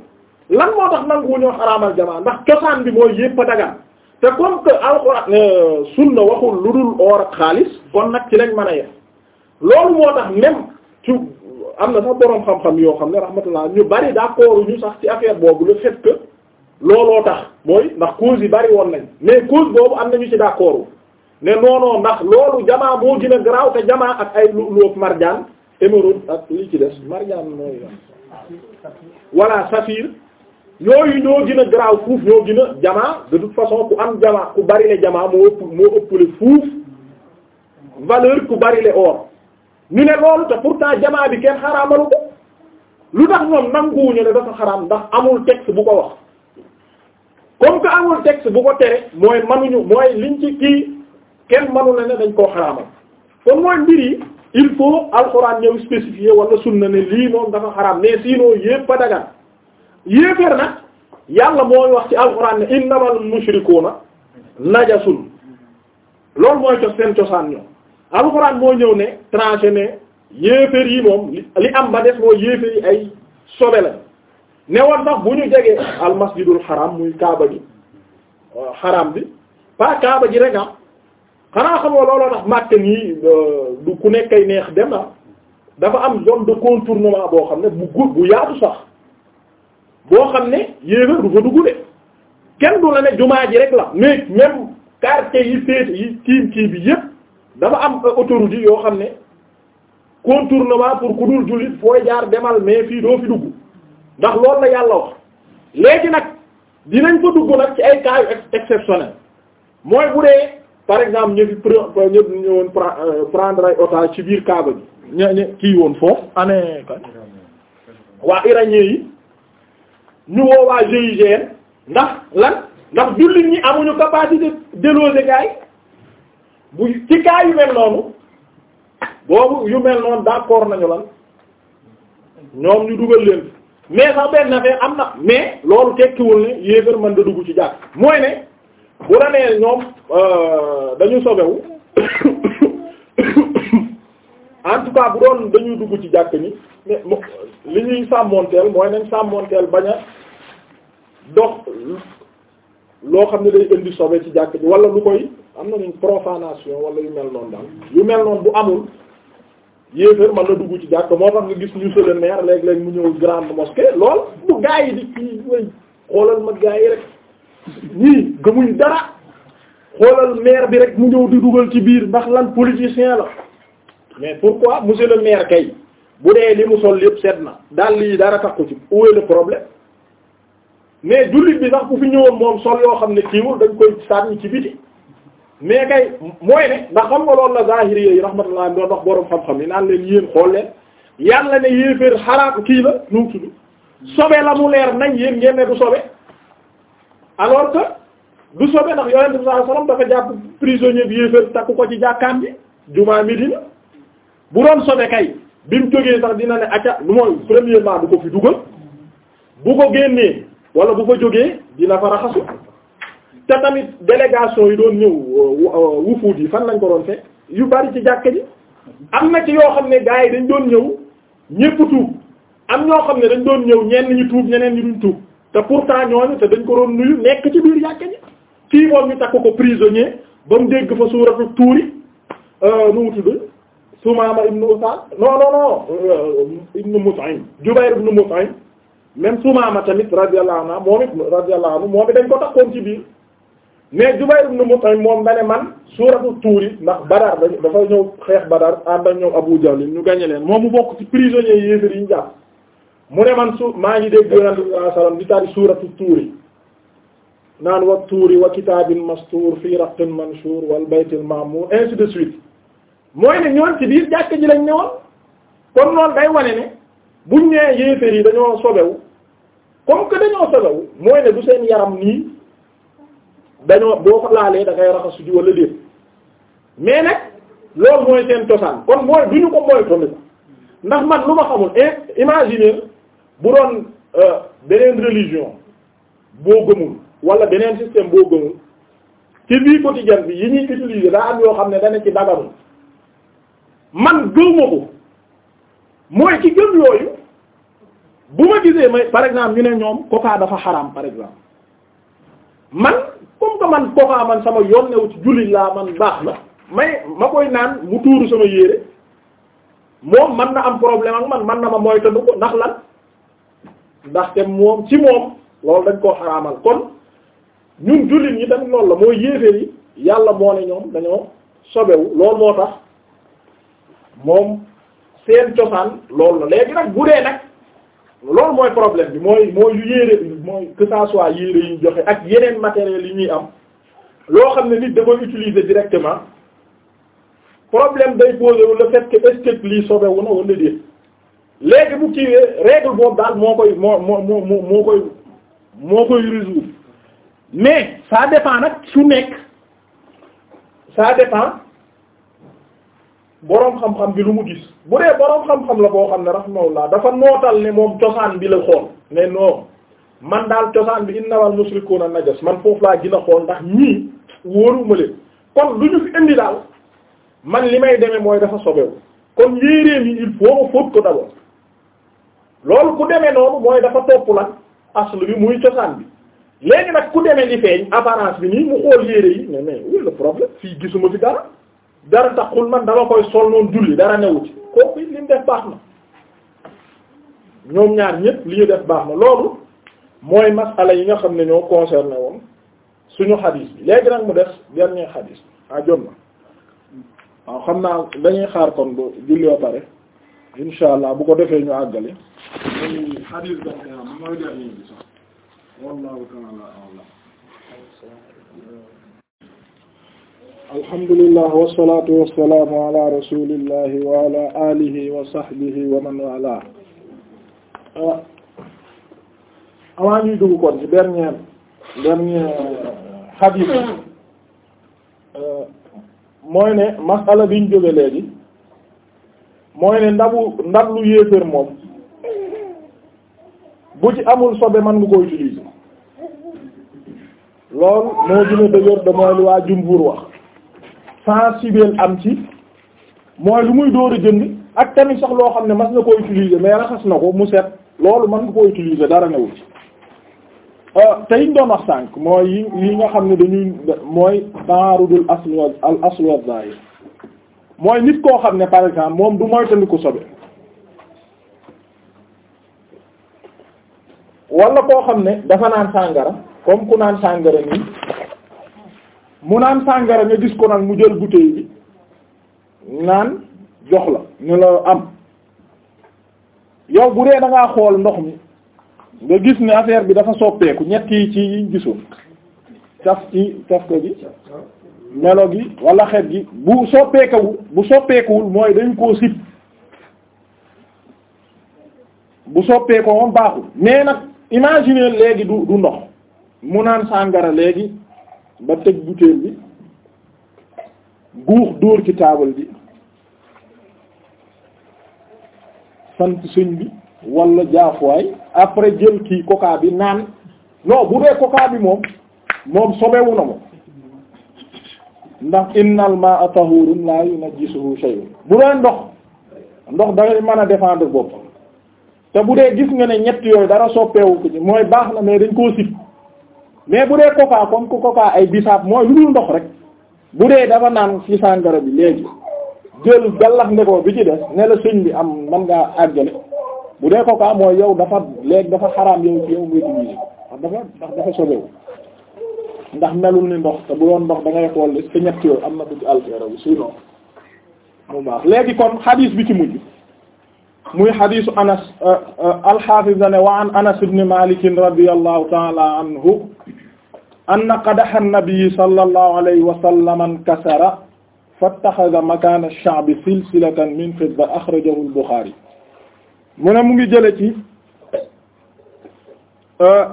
lan moo tax nangu ñoo xaraamal jamaa ndax cosaan bi mooy yépp a dagan te comme que alxuraan euh, sunna waxul lu dul or ak xaalis kon nag ci lañ mën a yem loolu moo tax même ci am na sax boroom xam-xam yoo xam ne rahmatullah ñu bari d'accord ñu sax ci affaire boobu le fait que looloo tax mooy ndax cause yi bari woon nañ mais cause boobu am nañu ci d'accord ne non ndax loolu jamaa moo gën a te jamaa ak ay lu'lu'u marjaan émeraude ak li ci des marjaan mooy walla saphir yooyu ñoo gën a fuuf ñoo gën jamaa de toute façon ku am jamaa ku bari le jamaa moo ëpp moo ëppale fuuf valeur ku bari le or ñu ne loolu te pourtant jamaa bi kenn xaraamalu ko lu tax ñoom nanguwuñu ne dafa xaraam ndax amul texte bu ko wax. que amul texte bu ko tere mooy manuñu mooy liñ ci kii kenn manu la ne dañ koo xaraamal kon mooy mbir il faut alxuraan ñëw spécifié wala sunna ne lii moom dafa xaraam mais sinon yépp a dagan yéeféer nag yàlla mooy wax ci alxuraan ne innamal mushrikuuna najasun loolu mooy cos seen cosaan ñoom alxuraan moo ñëw ne tranché ne yéeféer yi moom li am ba des mooy yéeféer yi ay sobe la ne woon ndax bu ñu jegee almasjidul xaram muy kaaba gi xaraam bi pas kaaba ji rek ah xanaa xam nga looloo tax màkk nii euh, du ku nekkay neex dem ah dafa am zone de contournement boo xam ne bu gudd bu yaatu sax boo xam ne yéefar du fa dugg de kenn du la ne jumaa ji rek la mais même quartier yi féete yi kiim kii bi yépp dafa am autoroute yoo xam ne contournement pour ku dul jullit fooy jaar demal mais fii doo fi dugg ndax loolu la yàlla wax léegi nag dinañ ko dugg nag ci ay cas yu exceptionnel mooy bu dee par exemple ñu fi pre ñëpp ñëwoon euh, prendre ci biir Kaaba bi ña ña kii woon foofu année kan waa iranien yi ñu woo waa GIGN ndax lan ndax jullit ñi amuñu capacité déloger gars yi bu ci cas yu mel noonu boobu yu mel noonu d'accord nañu lan ñoom ñu dugal leen. mais sax benn affaire am na mais loolu tekkiwul ne yéefar mën da dugg ci jàkk mooy ne bu la nee ñoom euh, dañu sobewu en tout cas bu doon dañuy dugg ci jàkk ni mais li ñuy sàmmoonteel mooy nañ sàmmoonteel bañ a dox loo xam ne day indi sobe ci jàkk ji wala lu koy am na ñu profanation wala yu mel noonu daal yu mel noonu bu amul yéeféer man la dugg ci jàkk moo tax nga gis ñu le maire léeg-léeg mu ñëw grande mosquée lool bu gaa yi di kii way xoolal ma gaa yi rek ñii gëmuñ dara xoolal maire bi rek mu ñëw di dugal ci biir ndax lan politicien la mais pourquoi monsieur le maire kay bu dee li mu sol yépp set na daal lii dara tax ko ci où est le problème mais jullit bi sax bu fi ñëwoon moom sol yoo xam ne kiiwul dañ koy sànni ci biti mais kay mooy ne ndax xam nga loolu la zahiri yi rahmatullah doon wax borom xam-xam yi naan leen yéen xool leen yàlla ne yéeféer xaraam kii la nu mu tudd la mu leer nañ yéen ngeen ne du sobe alors que du sobe ndax yonent bi sallallahu alayhi dafa jàpp prisonnier bi yéeféer takku ko ci jàkkaam bi jumaa Medina bu doon sobe kay bi mu jógee sax dina ne acca lu mooy premièrement du ko fi dugal bu ko génnee wala bu fa jógee dina fa raxasu te tamit délégation yi doon ñëw euh, euh, wufuut yi fan lañ ko doon fekk yu bari ci jàkka ji am na ci yoo xam ne gars yi dañ doon ñëw ñépp tuub am ñoo xam ne dañ doon ñëw ñenn ñu tuub ñeneen ñu duñ tuub te pourtant ñooñu te dañ ko doon nuyu nekk ci biir jàkka ji fii moom ñu takk ko prisonnier ba mu dégg fa suuratu tuuri euh, nu mu tudd Sumaama ibnu Usaal non non non ibnu Mut'im Jubayr ibnu Mut'im même Sumaama tamit radiyallahu anhu moom it radiyallahu anhu moom it dañ ko takkoon ci biir mais Jubayr ibn Mut'im moom dane man suuratu tuuri ndax Badar dafa ñëw xeex Badar ànd ak ñoom Abu ñu gañe leen moom mu bokk ci prisonniers yéefar yi ñu mu ne man su maa ngi dégg Yonent bi sallallahu alayhi wasallam di tari suuratu tuuri naan wa tuuri wa kitaabin mastuur fii raqqin manshuur wal baytil ma'muur ainsi de suite mooy ne ñoon ci biir jàkk ji lañ newoon kon loolu day wane ne buñ nee yéefar yi dañoo sobewu comme que dañoo sobewu mooy ne du seen yaram nii dañoo boo ko laalee da ngay raxasu ji wala déet mais nag loolu mooy seen cosaan kon mooy du ñu ko moytandiku ndax man lu ma xamul eh, imaginer bu doon euh, beneen religion boo gëmul wala beneen système boo gëmul ci vie bi yi ñuy utiliser daa am yoo xam ne dana ci dagaru man gëwma ko mooy ci gëm yooyu bu ma gisee may par exemple ñu ne ñoom coca dafa xaraam par exemple man comme que man kookaa man sama yoon newu ci jullit laa man baax na may ma koy naan mu tuuru sama yére moom man na am problème ak man man na ma mooy tëdd ko ndax lan ndaxte moom ci moom loolu dañ koo xaraamal kon ñun jullit ñi tamit loolu la mooy yéeféer yi yàlla moo ne ñoom dañoo sobewu loolu moo tax moom seen cosaan loolu la léegi nag bu dee nag loolu mooy problème bi mooy mooy yu yéere mooy que ça soit yére yi ñu joxe ak yeneen matériel yi ñuy am loo xam ne nit da koy directement problème day posé wu le fait que est-ce que lii sobewu na wala déet léegi bu kiiwee règle boobu daal moo koy moo moo moo moo koy moo koy résoudre mais ça dépend nag su nekk ça dépend boroom xam-xam bi lu mu gis bu dee boroom xam-xam la boo xam ne rahimahullah dafa nootal ne moom cosaan bi la xool mais non man daal cosaan bi innamal musrikuuna najas man foofu laa gën a xool ndax ñii wóoruma leen kon lu ñu fi indi daal man li may demee mooy dafa sobewu kon yéeréem yi il faut ma fóot ko d'abord loolu ku demee noonu mooy dafa topp lan aslu bi muy cosaan bi léegi nag ku demee li feeñ apparence bi nii mu xool yére yi mais mais oui le problème fii gisuma fi dara dara taxul man dama koy sol noonu julli dara newu ci kooku li mu def baax na ñoom ñaar ñëpp li ñu def baax na loolu mooy masala yi nga xam ne ñoo concerné woon suñu xadiis bi nag mu def dernier xadiis ah jot na waaw ah, xam naa dañuy xaar kon bu julli pare insha bu ko defee ñu àggale alhamdulillah wassalatu wassalamu ala rasulillahi wa ala alihi wa wala ah, avant ñuy dugg kon ci dernier dernier euh, hadith euh, mooy ne masala bi ñu jóge léegi mooy ne ndabu ndab lu yéeféer moom bu ci amul sobe man nga ko utiliser loolu moo gën a dëgër de mooy lu waa jumbuur wax sensible am ci mooy lu muy door a jënd ak tamit sax loo xam ne mas na ko utiliser mais raxas na ko mu set loolu man nga koo utiliser dara newul ci Euh, tey ñu doon yi yi nga xam ne dañuy mooy taarudul asl wa al asl mooy nit koo xam ne par exemple moom du moytandiku sobe wala koo xam ne dafa naan sàngara comme ku naan sàngara nii mu naan sàngara nga gis ko nag mu jël bouteille bi naan jox la ñu am yow bu dee da xool ndox mi nga gis ne affaire bi dafa soppeeku ñett yi ci yiñ gisoon caf ci caf gi melo gi walla xet gi bu soppeekuwul bu soppeekuwul mooy dañ koo sit bu soppeekoo moom baaxul mais nag imaginer léegi du du ndox mu naan sàngara léegi ba teg butéel bi guux dóor ci taabal bi sant sëñ bi wala jaafuwaay après jël kii coca bi naan non bu dee coca bi moom moom sobewu na moom ndax innal ma'a yu la yunajjisuhu shay'un bu dee ndox ndox dangay mën a défendre bopp te bu dee gis nga ne ñett yooyu dara soppeewu ko ci mooy baax na mais dañ koo sib mais bu dee coca comme que coca ay bisaab mooy lu dul ndox rek bu dee dafa naan ci sàngara bi léegi jël gàllax ndekoo bi ci def ne la bi am man ngaa àggale bu dee coca mooy yow dafa léegi dafa xaraam yow yow nga utilisé ndax dafa ndax dafa sobewu ndax melul ni ndox te bu doon ndox da ngay xool est-ce que ñett yooyu am na du ci altéra wu sinon mu baax léegi kon xadiis bi ci mujj muy xadiisu anas euh, alxaafis dane wa an anas ibn malik radiyallahu taala anhu anna qadaxa nabii sallallahu alayhi wa sallam ankasara fattaxada makaana ash-sha'bi silsilatan min fidda axrajahu al-Buxaari mu ne mu ngi jële ci euh,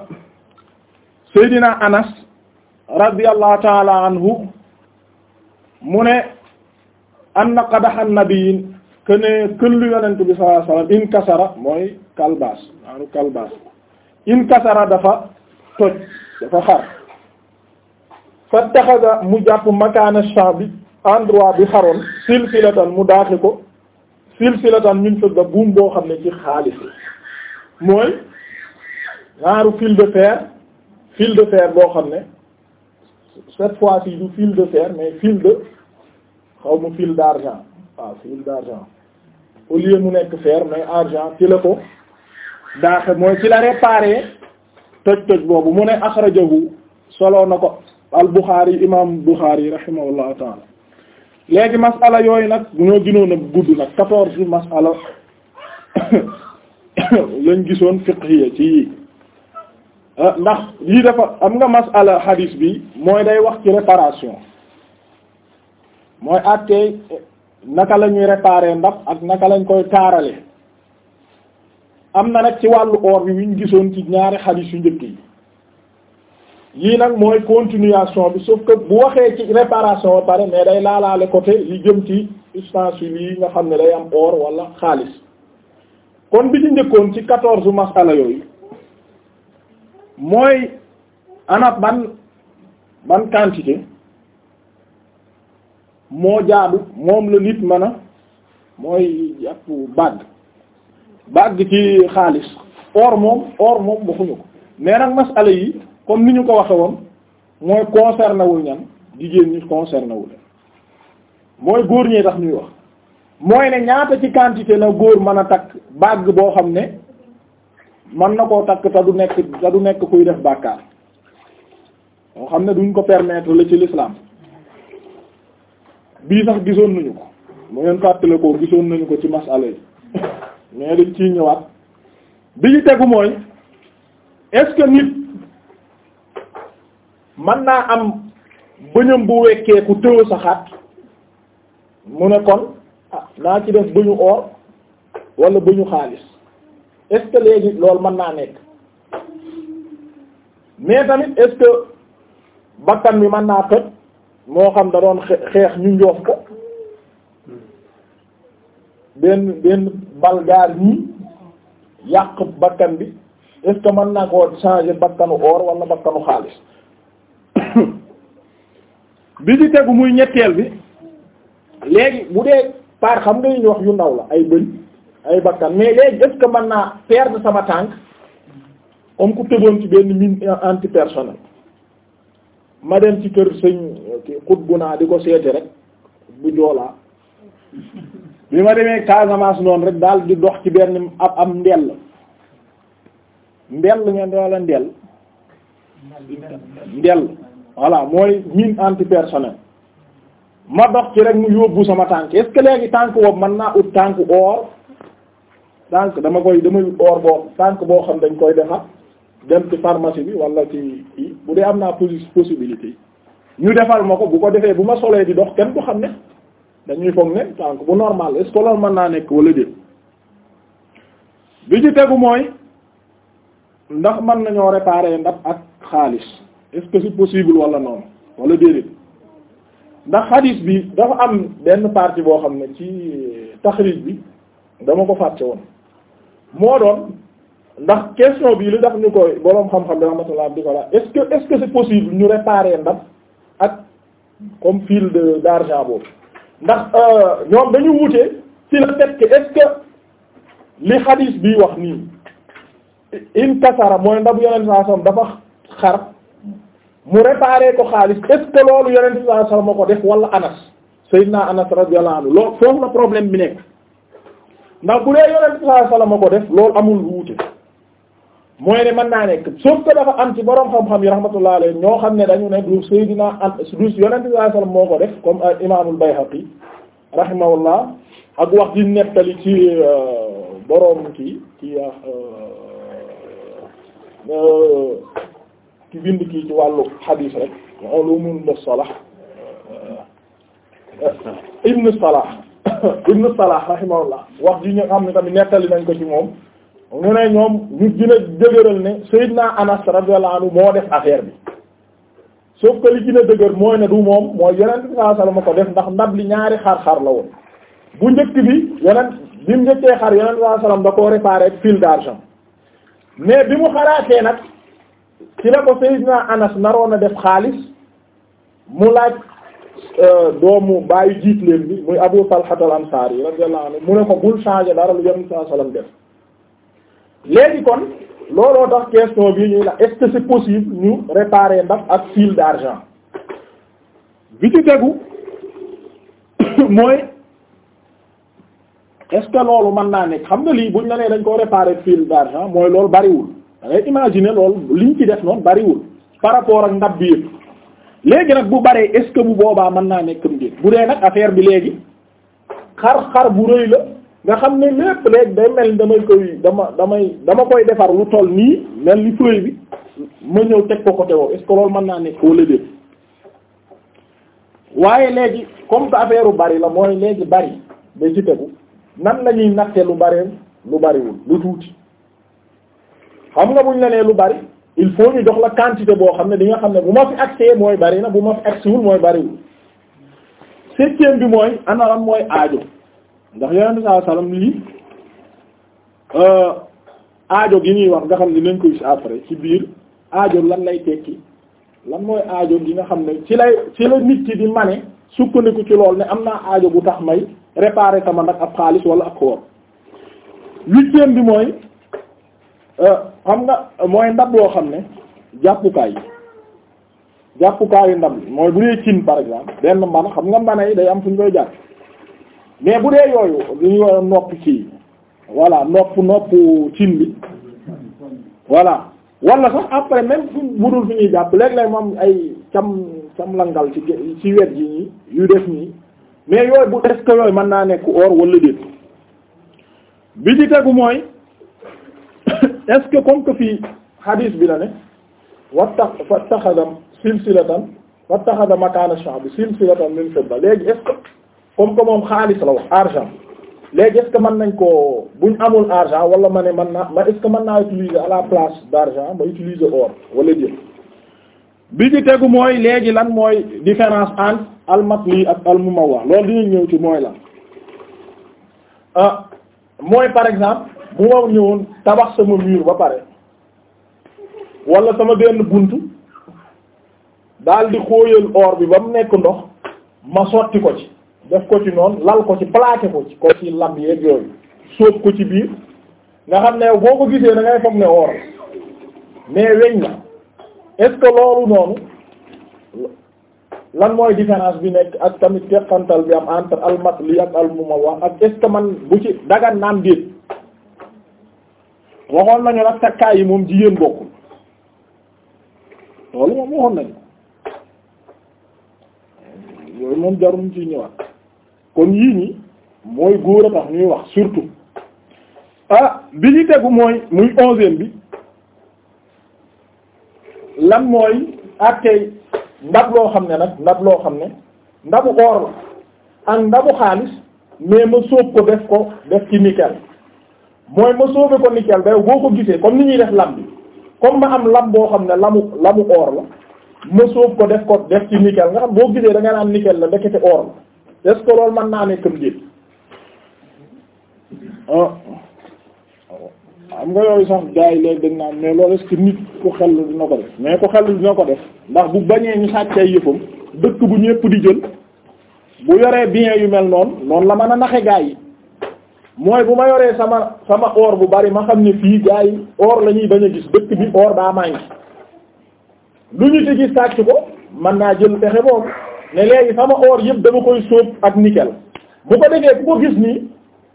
Seydina Anas radiyallahu taala anhu mu ne anna qadaha an-nabiyyin kene këllu yonent bi sallallahu alayhi in kasara mooy kalbaas maanu kalbaas in kasara dafa toj dafa xar fa taxada mu jàpp makaana shaabi endroit bi xaroon silsilatan mu daaxi ko silsilatan min fidda buum boo xam ne ci xaalis mooy ñaaru fil de fer fil de fer boo xam ne cette fois-ci du fil de fer mais fil de xaw ma fil d'argent waaw fil d'argent au lieu mu nekk fer mais argent ci la ko daaxe mooy ci la réparé toj-toj boobu mu ne axrajahu soloo na ko al Bukhari imam Bukhari rahimahullahu taala léegi masala yooyu nag ñoo gënoon a gudd nag quatorze masala lañ gisoon fiqhiya ci ah, ndax lii dafa am nga masala hadis bi mooy day wax ci réparation mooy àttee naka la ñuy ndab ak naka lañ koy taarale am na nag ci wàllu or bi ñu gisoon ci ñaari hadis yu njëkk yi yii nag mooy continuation bi sauf que bu waxee ci réparation ba pare mais day laalaale côté li jëm ci ustensiles yi nga xam ne day am or wala xaalis kon bi ñu njëkkoon ci quatorze masala yooyu mooy ana ban ban quantité moo jaadu moom la nit mën mooy jàpp bàgg bàgg ci xaalis or moom or moom waxuñu ko mais masala yi comme ni ñu ko waxe woon mooy concerné wul ñan jigéen ñi concerné wul mooy góor ñee tax ñuy wax mooy ne ñaata ci quantité la góor mën a takk bàgg boo xam ne mën na koo takk te du nekk te du nekk kuy def bàkkaar moo xam ne duñ ko permettre la ci l'islam bii sax gisoon nañu ko mu ngeen fàttale ko gisoon nañu ko ci masala yi mais dañ ciy ñëwaat bi ñu tegu mooy est nit man naa am bëñam bu wekkee ku tëw saxaat mu ne kon ah, naa ci def bëñu or wala bëñu xaalis est léegi lool mën naa nekk mais tamit est-ce bakkan bi mën naa toj moo xam da doon xeex ñu njoof ko benn benn balgaar ñii yàq bakkan bi est man que mën naa ko changer bakkanu or wala bakkanu xaalis bi ci tegu muy ñetteel bi léegi bu dee par xam nga ñu wax yu ndaw la ay bëñ ay bakkan mais léegi est-ce que naa perdre sama tànk comme ku tëboon ci benn mine antipersonnel ma dem ci kër sëñ xut bu naa di ko seeti rek bu joolaa bi ma demee Casamance noonu rek daal di dox ci benn ab am ndell ndell ngeen wala ndell ndell voilà mooy mine antipersonnel ma dox ci rek mu yóbbu sama tànk est-ce que tànk woowu mën naa ut tànk or tànk dama koy dama ut or boo tànk boo xam dañ koy defar dem ci pharmacie bi walla ci kii bu dee am naa possibilité ñu defal ma ko bu ko defee bu ma solee di dox kenn ko xam ne dañuy foog ne tànk bu normal est-ce mën naa nekk wala déet bi ci tegu mooy ndax mën nañoo réparer ndax ak xaalis est-ce que c'est possible wala noonu wala déedéet ndax xadiis bi dafa am benn partie boo xam ne ci euh, taxriij bi dama ko fàtte woon moo doon ndax question bi li tax ñu koy boroom xam-xam bi rahmatullah di ko la est-ce que est-ce que c'est possible ñu réparer ndab ak comme fil de d'argent boobu ndax euh, ñoom dañu wute ci le fait est-ce que li xadiis bi wax nii in kasara mooy ndab yeneen saa dafa xar mu réparé ko xaalis est-ce loolu yonent bi sallallahu alayhi ko def wala Anas Seydina Anas radiyallahu anhu loolu foofu la problème bi nekk ndax ku dee yonent bi sallallahu alayhi ko def loolu amul lu wuute mooy ne mën naa nekk sauf que dafa am ci borom xam-xam yi rahmatullahi alayhi ñoo xam ne dañu ne du Seydina an du yonent bi sallallahu alayhi wasallam moo ko def comme imaamul Bayhaqi rahimahullah ak wax di nettali ci euh, borom kii ci ki bind kii ci wàllu xadiis rek ulumul mustalah ibnu salah ibnu salah rahimahullah wax ji ñu xam ne tamit nettali nañ ko ci moom ñu ne ñoom ñu dina dëgëral ne Seydina Anas radiyallahu anhu moo def affaire bi sauf que li dëgër mooy ne du moom mooy yonent bi sallallahu alayhi def ndax ndab li ñaari xar-xar la woon bu njëkk bi yonent bi mu njëkkee xar yonent bi sallallahu da koo réparé fil d'argent mais bi mu xaraatee nag ci la ko Seydina Anas naroon a def xaalis mu laaj euh, doomu baayu jiit leen bi muy Abu Talha al-Ansari radiyallahu anhu mu ne ko bul changer dara lu Yonent sallallahu alayhi wasallam def léegi kon looloo tax question bi ñuy la est-ce que c'est possible ñu réparer ndab ak fil d'argent bi ci tegu mooy est loolu mën naa nekk xam nga lii buñ la nee dañ koo réparer fil d'argent mooy loolu bariwul da ngay imaginer loolu liñ ci def noonu bariwul par rapport ak ndab bi yëpp léegi nag bu baree est-ce que bu boobaa mën naa nekkam déet bu dee nag affaire bi léegi xar xar bu rëy la nga xam ne lépp léegi day mel damay koy dama damay dama koy defar lu toll nii mel ni feuille bi ma ñëw teg ko côté woowu est-ce que mën naa nekk wala déet waaye léegi comme que affaire bari la mooy léegi bari day ci tegu nan la ñuy natte lu bari lu bariwul lu tuuti. xam nga buñ la lu bari il faut ñu jox la quantité boo xam ne di nga xam ne bu ma fi accès mooy bari na bu ma fi accès wul mooy bariwul septième bi mooy analam mooy aajo ndax yonent saa lii euh, aajo gi ñuy wax nga xam ne nañ koy après ci biir aajo lan lay tekki lan mooy aajo gi nga xam ne ci lay ci la nit yi di mane sukkandiku ci lool ne am naa aajo bu tax may réparer sama nag ab xaalis wala ak koor huitième bi mooy Euh, xam nga mooy ndab loo xam ne jàppukaay yi jàppukaayu ndab li mooy bu dee cin par exemple benn mbana xam nga mbana yi day am fu ñu koy jàpp mais bu dee yooyu lu ñu koy nopp ci voilà nopp nopp cin bi voilà wala sax après même fu budul fi ñuy jàpp léeg-léeg moom ay cam cam langal ci ci wet ji yu def nii mais yooyu bu est-ce yooyu mën naa nekk or wala déet bi ci tegu mooy est-ce que comme que fii hadis bi la ne watta fattaxada silsilatan wattaxada makaana sha'bi silsilatan min fidda léegi est-ce que comme que moom xaalis la wax argent léegi est-ce que mën nañ ko buñ amul argent wala ma ne mën naa ma est-ce que mën naa utiliser à la place d'argent ma utiliser or wala jël bi ci tegu mooy léegi lan mooy différence entre al-matli ak al-mumawwa loolu dinañ ñëw ci mooy lan ah mooy par exemple bu ma ñëwoon tabax sama mur ba pare wala sama benn bunt daal di xóoyal or bi ba mu nekk ndox ma sotti ko ci def ko ci noonu lal ko ci plaqué ko ci ko ci lam yeeg yooyu sóob ko ci biir nga xam ne boo ko gisee da ngay foog ne or mais weñ la est loolu noonu lan mooy différence bi nekk ak tamit teqantal bi am entre al masli ak al mumawah ak est man bu ci dagan naan déet waxoon nañu nag takkaay yi moom jigéen bokkul loolu moom waxoon nañu yooyu moom jarum ci ñëwaat kon yii ñi mooy góor a tax ñuy wax surtout ah bi ñu tegu mooy muy onzième bi lan mooy àttee ndab loo xam ne nag ndab loo xam ne ndabu or la ak ndabu xaalis mais ma sóob ko def ko def ci nickel mooy ma sóobe ko nickel day boo ko gisee comme ni ñuy def lam bi comme ma am lam boo xam ne lamu lamu or la ma sóob ko def ko def ci nickel nga xam boo gisee da nga naan la ndekete or la est naa ne këm jéem ah xam nga yooyu sax gars yi léegi dañ naan mais loolu est nit ku xel dina ko def mais ku xel dina ko def ndax bu bañee ñu sàcc ay yëfam dëkk bu ñëpp di jël bu yoree bien yu mel noon noonu la mën a naxe gars yi. mooy bu ma yoree sama sama or bu bari ma xam ne fii gars yi or la ñuy bañ a gis dëkk bi or daa maa ngi lu ñu ci gis sàcc ko man naa jël pexe boobu ne léegi sama or yëpp dama koy sóob ak nikel bu ko defee ku ko gis nii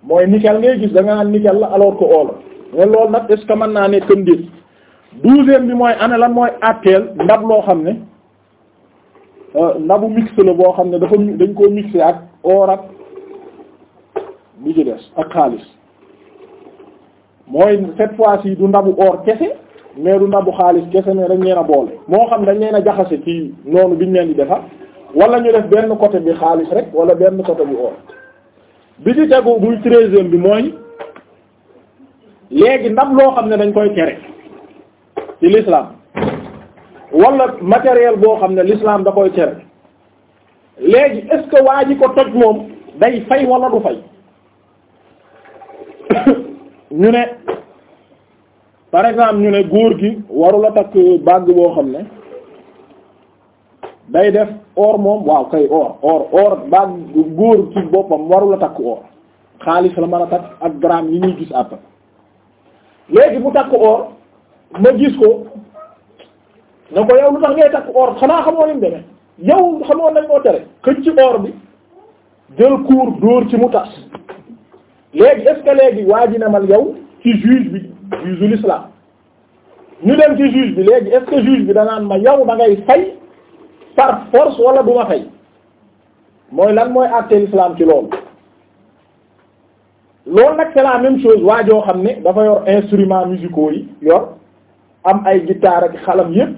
mooy nickel ngay gis da nga la alors que or la loolu nag est-ce naa ne kën dés douzième bi mooy ana lan mooy atteel ndab loo xam ne euh, ndabu mix la boo xam ne dafa dañ koo mixé ak or ak lu ci des ak xaalis mooy cette fois-ci du ndabu or kese mais du ndabu xaalis kese mais dañ leen a boole moo xam ne dañ leen a jaxase ci noonu biñ leen di defar wala ñu def benn côté bi xaalis rek wala benn côté bi or bi ci tegu muy treizième bi mooy léegi ndab loo xam ne dañ koy tere ci l'islam wala matériel boo xam ne l'islam da koy tere léegi est waa ji ko toj moom day fay wala du fay ñu ne par exemple ñu ne góor gi warul a takk bague boo xam ne day def or moom waaw kay or or or bague góor ci boppam warul a takk or xaalis la mën a takk ak gramme yi ñuy gis àpp léegi bu takk or ma gis ko na ko yow lu tax ngay takk or xanaa xamoo lim deme xamoon nañ koo tere xëcc ci or bi jël kuur dóor ci mu tas léegi est-ce léegi waa ji na man yow ci juge bi juge l'islam ñu dem ci juge bi léegi est-ce bi danaan ma yow da ngay fay par force wala du fay mooy lan mooy àtte l'islam ci loolu loolu nag c'est la même waa joo xam ne dafa yor instruments musicaux yi yor am ay guitare ak xalam yépp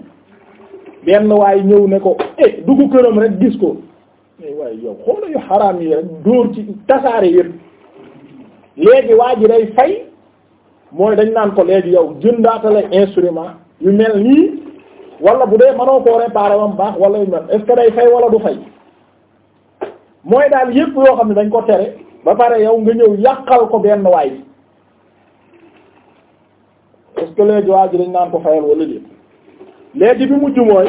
benn waay ñëw ne ko eh dugg këram rek gis ko mais eh, waaye yow xoola yu xaraam yi rek dóor ci tasaare yépp léegi waa ji day fay mooy dañ naan ko léegi yow jëndaatale instrument yu mel nii wala bu dee mënoo koo réparer mu baax wala yu mel est day fay wala du fay mooy daal yépp yoo xam ne dañ ko tere ba pare yow nga ñëw yàqal ko benn waay bi est ce que dañ naan ko fayal wala déet léegi bi mujj mooy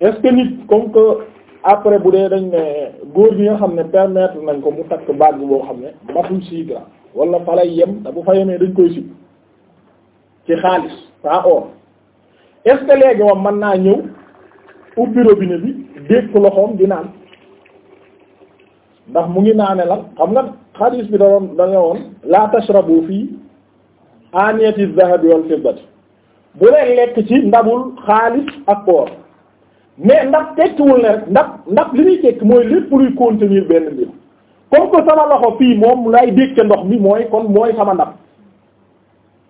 est ce que nit comme après bu dee dañ ne góor gi nga xam ne permettre nañ ko mu takk bague boo xam ne matul six grammes wala fa lay yem te bu fa yemee dañ koy sib ci xaalis sans or est-ce que léegi moom mën naa ñëw ubbi robinet bi dégg loxoom di naan ndax mu ngi naane la xam nga xadis bi da doon da nga woon la tashrabu fii aniyati zahabi wal fiddati bu leen lekk ci ndabul xaalis ak or mais ndab tekkiwul ne rek ndax ndab li muy tekki mooy lépp luy contenir benn mbir comme que sama loxo fii moom lay dékk ndox mi mooy kon mooy sama ndab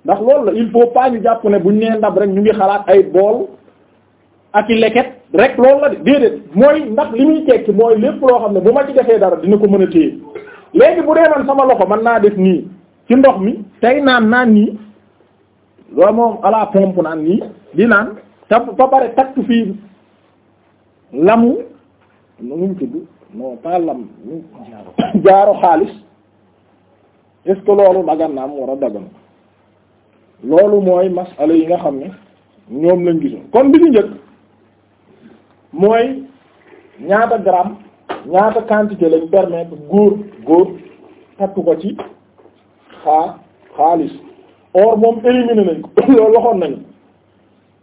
ndax loolu la il faut pas ñu jàpp ne buñ nee ndab rek ñu ngi xalaat ay bool ak i leket rek loolu la de déedéet mooy ndab li muy tekki mooy lépp loo xam ne bu ma ci defee dara dina ko mën a téye léegi bu dee man sama loxo mën naa def nii ci ndox mi tey naan naan nii loolu moom à la naan nii di naan te ba pare takk fii. lamu nu mu tudd non pas lam jaaro xaalis est loolu dagan na war a dagan loolu mooy masala yi nga xam ne ñoom lañ gisoon kon bi ñu njëkk mooy ñaata gramme ñaata quantité lañ permettre góor góor takk ko ci xaa xaalis or moom éliminé nañ ko loolu waxoon nañu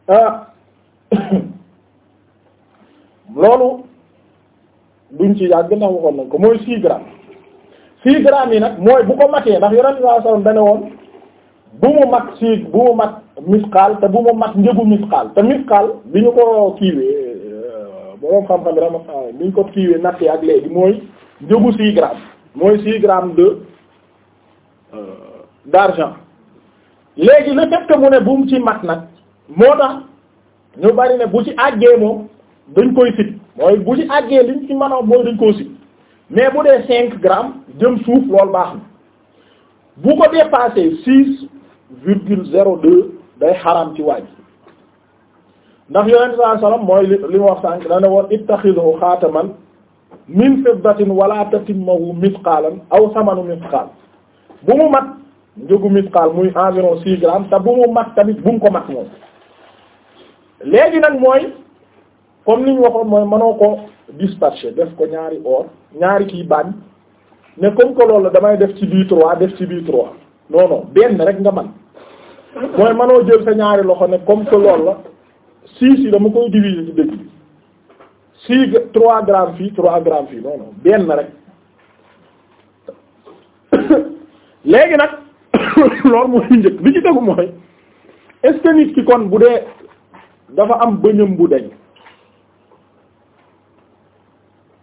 ah loolu duñ ci yàgg na waxoon nañ ko mooy 6 grammes 6 grammes yi nag mooy bu ko matee ndax yonent sallallahu alayhi wasallam dane woon bu mu mat 6 bu mu mat misqaal te bu mu mat njëgu misqaal te misqaal bi ñu ko kiiwee euh, boroom xam-xam ramasala bi ñu ko kiiwee natt ak léegi mooy njëgu 6 grammes mooy 6 grammes de euh, d'argent léegi le fait que mu ne bu mu ci mat nag moo tax ñu bari ne bu ci àggee moom dañ koy sit mooy bu ci àggee liñ ci mën a mooy dañ koo sit mais bu dee cinq grammes jëm suuf loolu baax na bu ko dépassé six virgule zéro deux day xaraam ci waaj ndax yonent sallallahu alayhi wasallam mooy li li ma wax sànq dana woon ittakhidhu xaataman min fiddatin wala tatimmahu misqaalan aw samanu misqaal bu mu mat njëgu misqaal muy environ six grammes te bu mu mat tamit bu mu ko mat moom léegi nag mooy comme li ñu waxoon mooy mënoo ko dispatcher def ko ñaari or ñaari kii bañ ne comme que loolu damay def ci bii trois def ci bii trois non benn rek nga man mooy mënoo jël sa ñaari loxo ne comme que loolu la six yi dama koy diviser ci dëgg bi six trois grammes fii trois grammes fii non non benn rek léegi nag loolu mooy njëkk li ci dëgg mooy est nit ki kon bu dee dafa am bëñëm bu deñ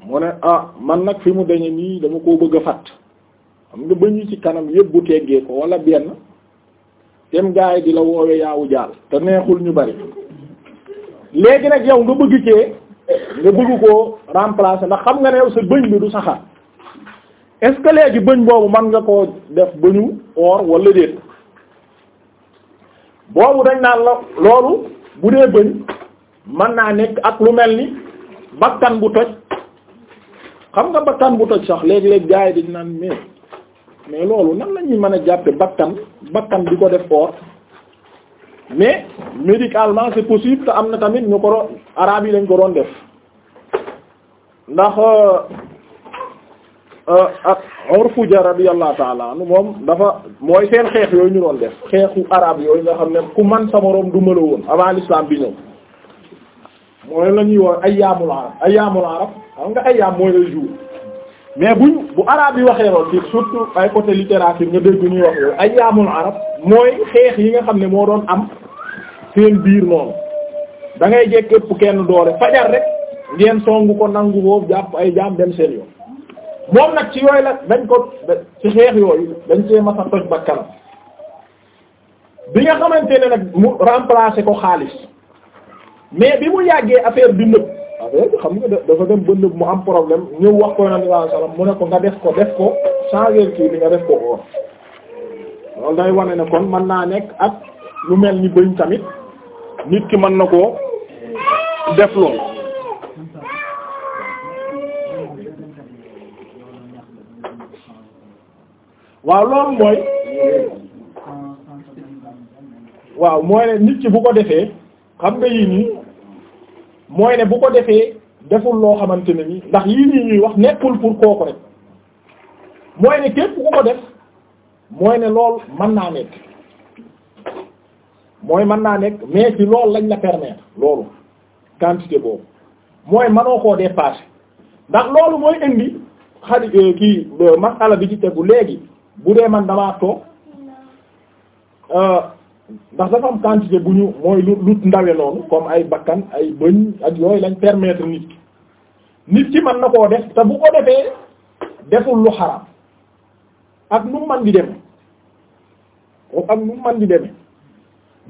mu ne ah man nag fi mu dañe nii dama ko bëgg a fàtt xam nga bëñ bañ ci kanam yëpp bu teggee ko wala benn dem gaay di la woowe yaawu jaal te neexul ñu bari léegi nag yow nga bëgg cee nga bëgg ko remplacer ndax xam nga ne yow sa bëñ bi du saxaat est-ce que léegi bëñ boobu mën nga koo def bëñu or wala déet boobu dañ naan loolu bu dee bëñ mën naa nekk ak lu mel ni bakkan bu toj xam nga bakkan bu toj sax léeg-léeg gars yi dañ naan mais mais loolu nan la ñuy mën a jàppe bakkan bakkan di ko def or mais médicalement c'est possible te am na tamit ñu ko doon arabe yi lañ ko doon def ndax euh, euh, ak urfu ja radiyallahu ta'ala anu moom dafa mooy seen xeex yooyu ñu doon def xeexu arabe yooyu nga xam ne ku man sa moroom du mala woon avant l'islam bi ñëw mooy la ñuy wax ayyaamul arab ayyaamul arab xam nga ayyaam mooy le jour mais buñ bu arab yi waxee lool ci surtout ay côté littérature nga dégg ñuy wax yooyu ayyaamul arab mooy xeex yi nga xam ne moo doon am seen biir moom da ngay jekk ëpp kenn doole fajar rek ngeen songu ko nangu foofu jàpp ay jaam dem seen yoon moom nag ci yooyu la dañ ko ci xeex yooyu dañ cee masa toj ba kanam bi nga xamante ne nag mu remplacer ko xaalis mais bi mu yàggee affaire bi nëb affaire bi xam nga def dafa dem ba nëb mu am problème ñëw wax ko nabi sallallahu alayhi wasallam mu ne ko nga def ko def ko changer kii bi nga def ko or loolu day naa nekk ak lu mel ni bëñ tamit nit ki mën na koo def lool waaw loolu mooy waaw mooy nit ki bu ko defee xam nga yii nii mooy ne bu ko defee deful loo xamante ne ni ndax yii nii ñuy wax nekkul pour kooku rek mooy ne képp ku ko def mooy ne lool man naa nekk mooy mën naa nekk mais ci lool lañ la permettre loolu quantité boobu mooy mënoo koo dépasser ndax loolu mooy indi xadi euh, kii euh, masala bi ci tegu léegi bu dee man damaa toog euh, ndax dafa am quantité bu ñu mooy lu lu ndawe noonu comme ay bakkan ay bëñ ak yooyu lañ permettre nit ki nit ki man na koo def te bu ko defee deful lu xaraam ak nu man di deme ak nu man di deme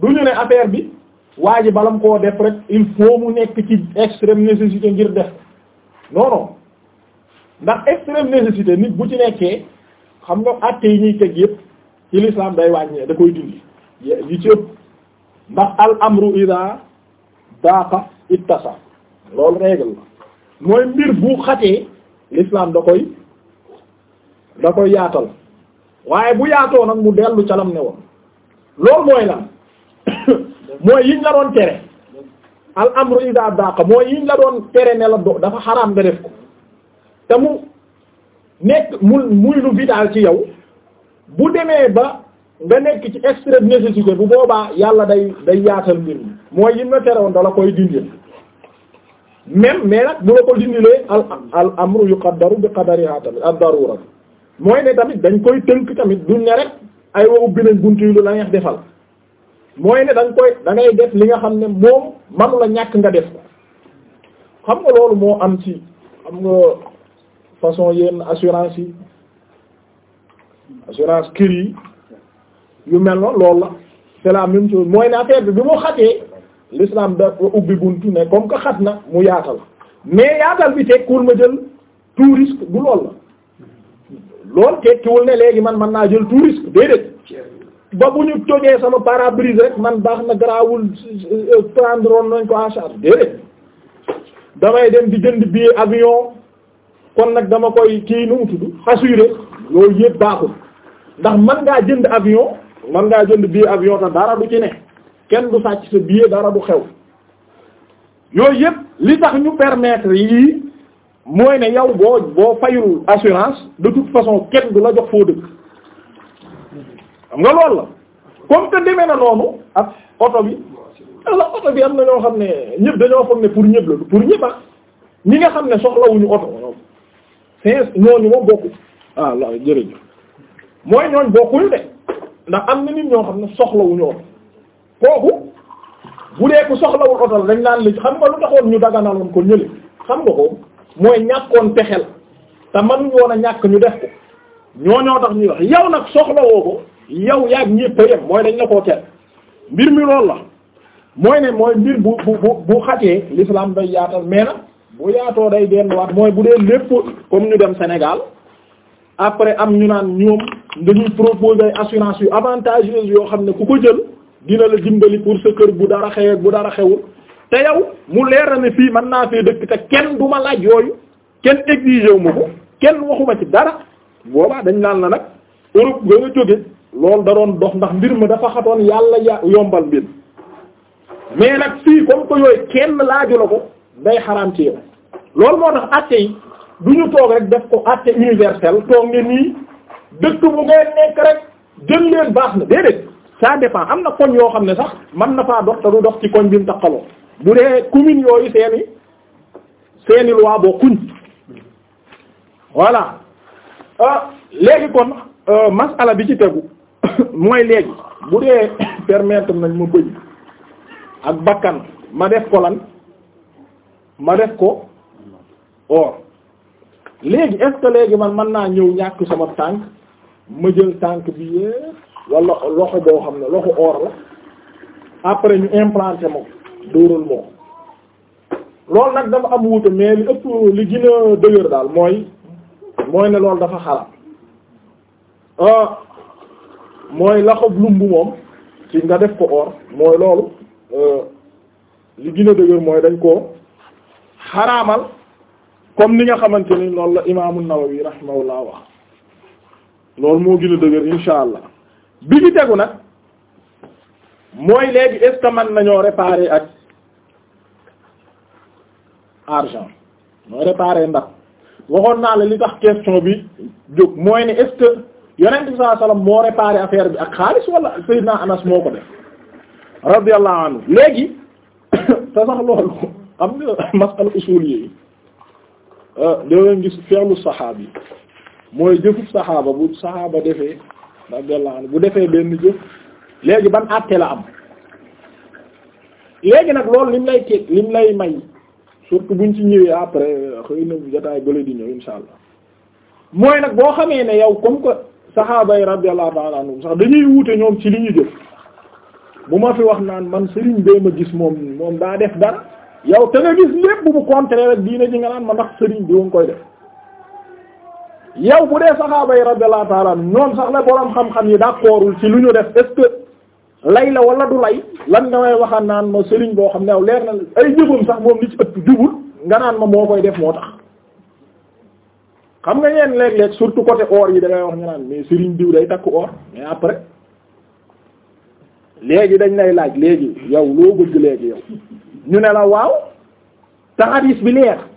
du ñu ne affaire bi waa balam koo def rek il faut mu nekk ci extrême nécessité ngir def non ndax extrême nécessité nit bu ci nekkee xam nga àtte yi ñuy teg yëpp ci l'islam day wàññee da koy dindi yu ci ëpp ndax al amru ida daaqa ittasa loolu règle la mooy mbir bu xatee l'islam da koy da koy yaatal waaye bu yaatoo nag mu dellu calam ne woon loolu mooy lan mooy yiñ la doon tere al amru ida daaqa mooy yiñ la doon tere ne la do dafa xaraam nga def ko te mu nekk mu muy lu vital ci yow bu demee ba nga nekk ci extrême nécessité bu boobaa yàlla day day yaatal mbir mi mooy yim na terewoon dala koy dindil même mais nag bu la ko dindilee al al amru yuqaddaru bi qadariha tamit ad darura mooy ne tamit dañ koy tënk tamit duñ ne rek ay wa ubbi nañ buntu lu la neex defal mooy ne dañ koy da ngay def li nga xam ne moom manu la ñàkk nga def ko xam nga loolu moo am ci xam nga façon yenn assurance yi assurance kër yi yu mel noonu lool la selaa la même mooy ne affaire bi bi mu xatee l'islam da ubbi buntu ne comme que xat na mu yaatal mais yaatal bi tekkiwul ma jël tout risque du la loolu tekkiwul ne léegi man man naa jël tout risque déedéet ba bu ñu tojee sama pare rek man baax na garaawul euh, prendre nañ ko en charge déedéet damay dem di jënd billet avion kon nag dama koy kii nu mu tudd assuré loolu yëpp baaxul ndax man ngaa jënd avion man ngaa jënd billet avion ta dara du ci ne kenn du sàcc sa billet dara du xew yooyu yëpp li tax ñu permettre yii mooy ne yow boo boo fayul assurance de toute façon kenn du la jox foo dëkk xam nga loolu la comme que demee na noonu ak oto bi am na ñoo xam ne ñëpp dañoo xam ne pour ñëpp la pour ñëpp ah ñi nga xam ne soxlawuñu oto ñoom c'est ñooñu moom bokku ah la jërëjëf mooy ñooñ bokkuñu de ndax am na nit ñoo xam ne soxlawuñu kooku bu dee ku soxlawul oto la dañ naan li xam nga lu taxoon ñu daganaloon ko ñële xam nga ko mooy ñàkkoon pexel la te mënuñu woon a ñàkk ñu def ñoo ñoo tax yow nag soxlawoo ko yow yaag ñépp a yem mooy dañ la koo teel mbir mi loolu la mooy ne mooy mbir bu bu bu xatee l'islam day yaatal mais nag bu yaatoo day delluwaat mooy bu dee lépp comme ñu dem senegal après am ñu naan ñoom dañuy proposer assurance yu avantageuse yoo xam ne ku ko jël dina la dimbali pour sa kër bu dara xewee bu dara xewul te yow mu leera ne fii man naa fee dëkk te kenn du ma laaj yooyu kenn exiger wu ma ko kenn waxuma ci dara boobaa dañ naan la nag Europe nga nga jóge loolu da doon dox ndax mbir ma dafa xatoon yàlla ya yombal mbir mais nag fii comme que yooyu kenn laaju la ko day xaraam ci yow loolu moo tax acte yi du ñu toog rek def ko acte universel toog ne dëkk bu ngay nekk rek jël leen baax na déedéet ça dépend am na koñ yoo xam ne sax mën na faa dox te du dox ci koñ bi mu taqaloo bu dee commune yooyu seeni seeni loi bokkuñ voilà euh, léegi kon euh, masala bi ci tegu mooy léegi bu dee permettre nañ ma bëj ak bakkan ma def ko lan ma def ko or léegi est léegi man mën naa ñëw ñàkk sama tànk ma jël tànk bi yépp wala loxo boo xam ne loxo or la après ñu implanté ma dóoral moo loolu nag dafa am wuute mais li ëpp li gën dëgër daal mooy mooy ne lool dafa xalaat ah mooy laxob lumb moom ci nga def ko or mooy loolu euh, li gën a dëgër mooy dañ koo xaraamal comme li nga xamante ni loolu la imaamu Nawawi laa wax loolu moo gën a dëgër insha allah bi ñu tegu nag mooy léegi est-ce nañoo réparer ak argent mooy réparer ndax waxoon naa la li tax question bi jóg mooy ne est yonent bi sallallahu alayhi moo réparer affaire bi ak xaalis wala Seydina Anas moo ko def radiyallahu anhu léegi te sax loolu am na masala usul yi euh, da ngay gis fi'lu saxaabi yi mooy jëfub saxaaba bu saxaaba defee radiyallahu anhu bu defee benn jëf léegi ban àtte la am léegi nag loolu lim lay teg lim lay may surtout buñ ci ñëwee après xëy na jotaay bële di ñëw insha allah mooy nag boo xamee ne yow comme que saxaaba yi radiyallahu ta'ala anhum sax dañuy wuute ñoom ci li ñu jëf bu ma fi wax naan man sëriñ bee ma gis moom moom daa def dara yow te nga gis lépp bu mu contraire ak diine ji nga ma ndax sëriñ bi woon koy def. yow bu dee saxaaba yi radiyallahu ta'ala ñoom sax la boroom xam-xam yi d'accordul ci lu ñu def est-ce lay la wala du lay lan nga may waxaan naan ma sëriñ boo xam ne aw leer na ay jëfam sax moom li ci ëpp jubul nga naan ma moo koy def moo tax xam nga ñeen léeg-léeg surtout côté or yi da ngay wax ñu naan mais sëriñ diw day takk or mais après léegi dañ lay laaj léegi yow loo bëgg léegi yow ñu ne la waaw taxadis bi leer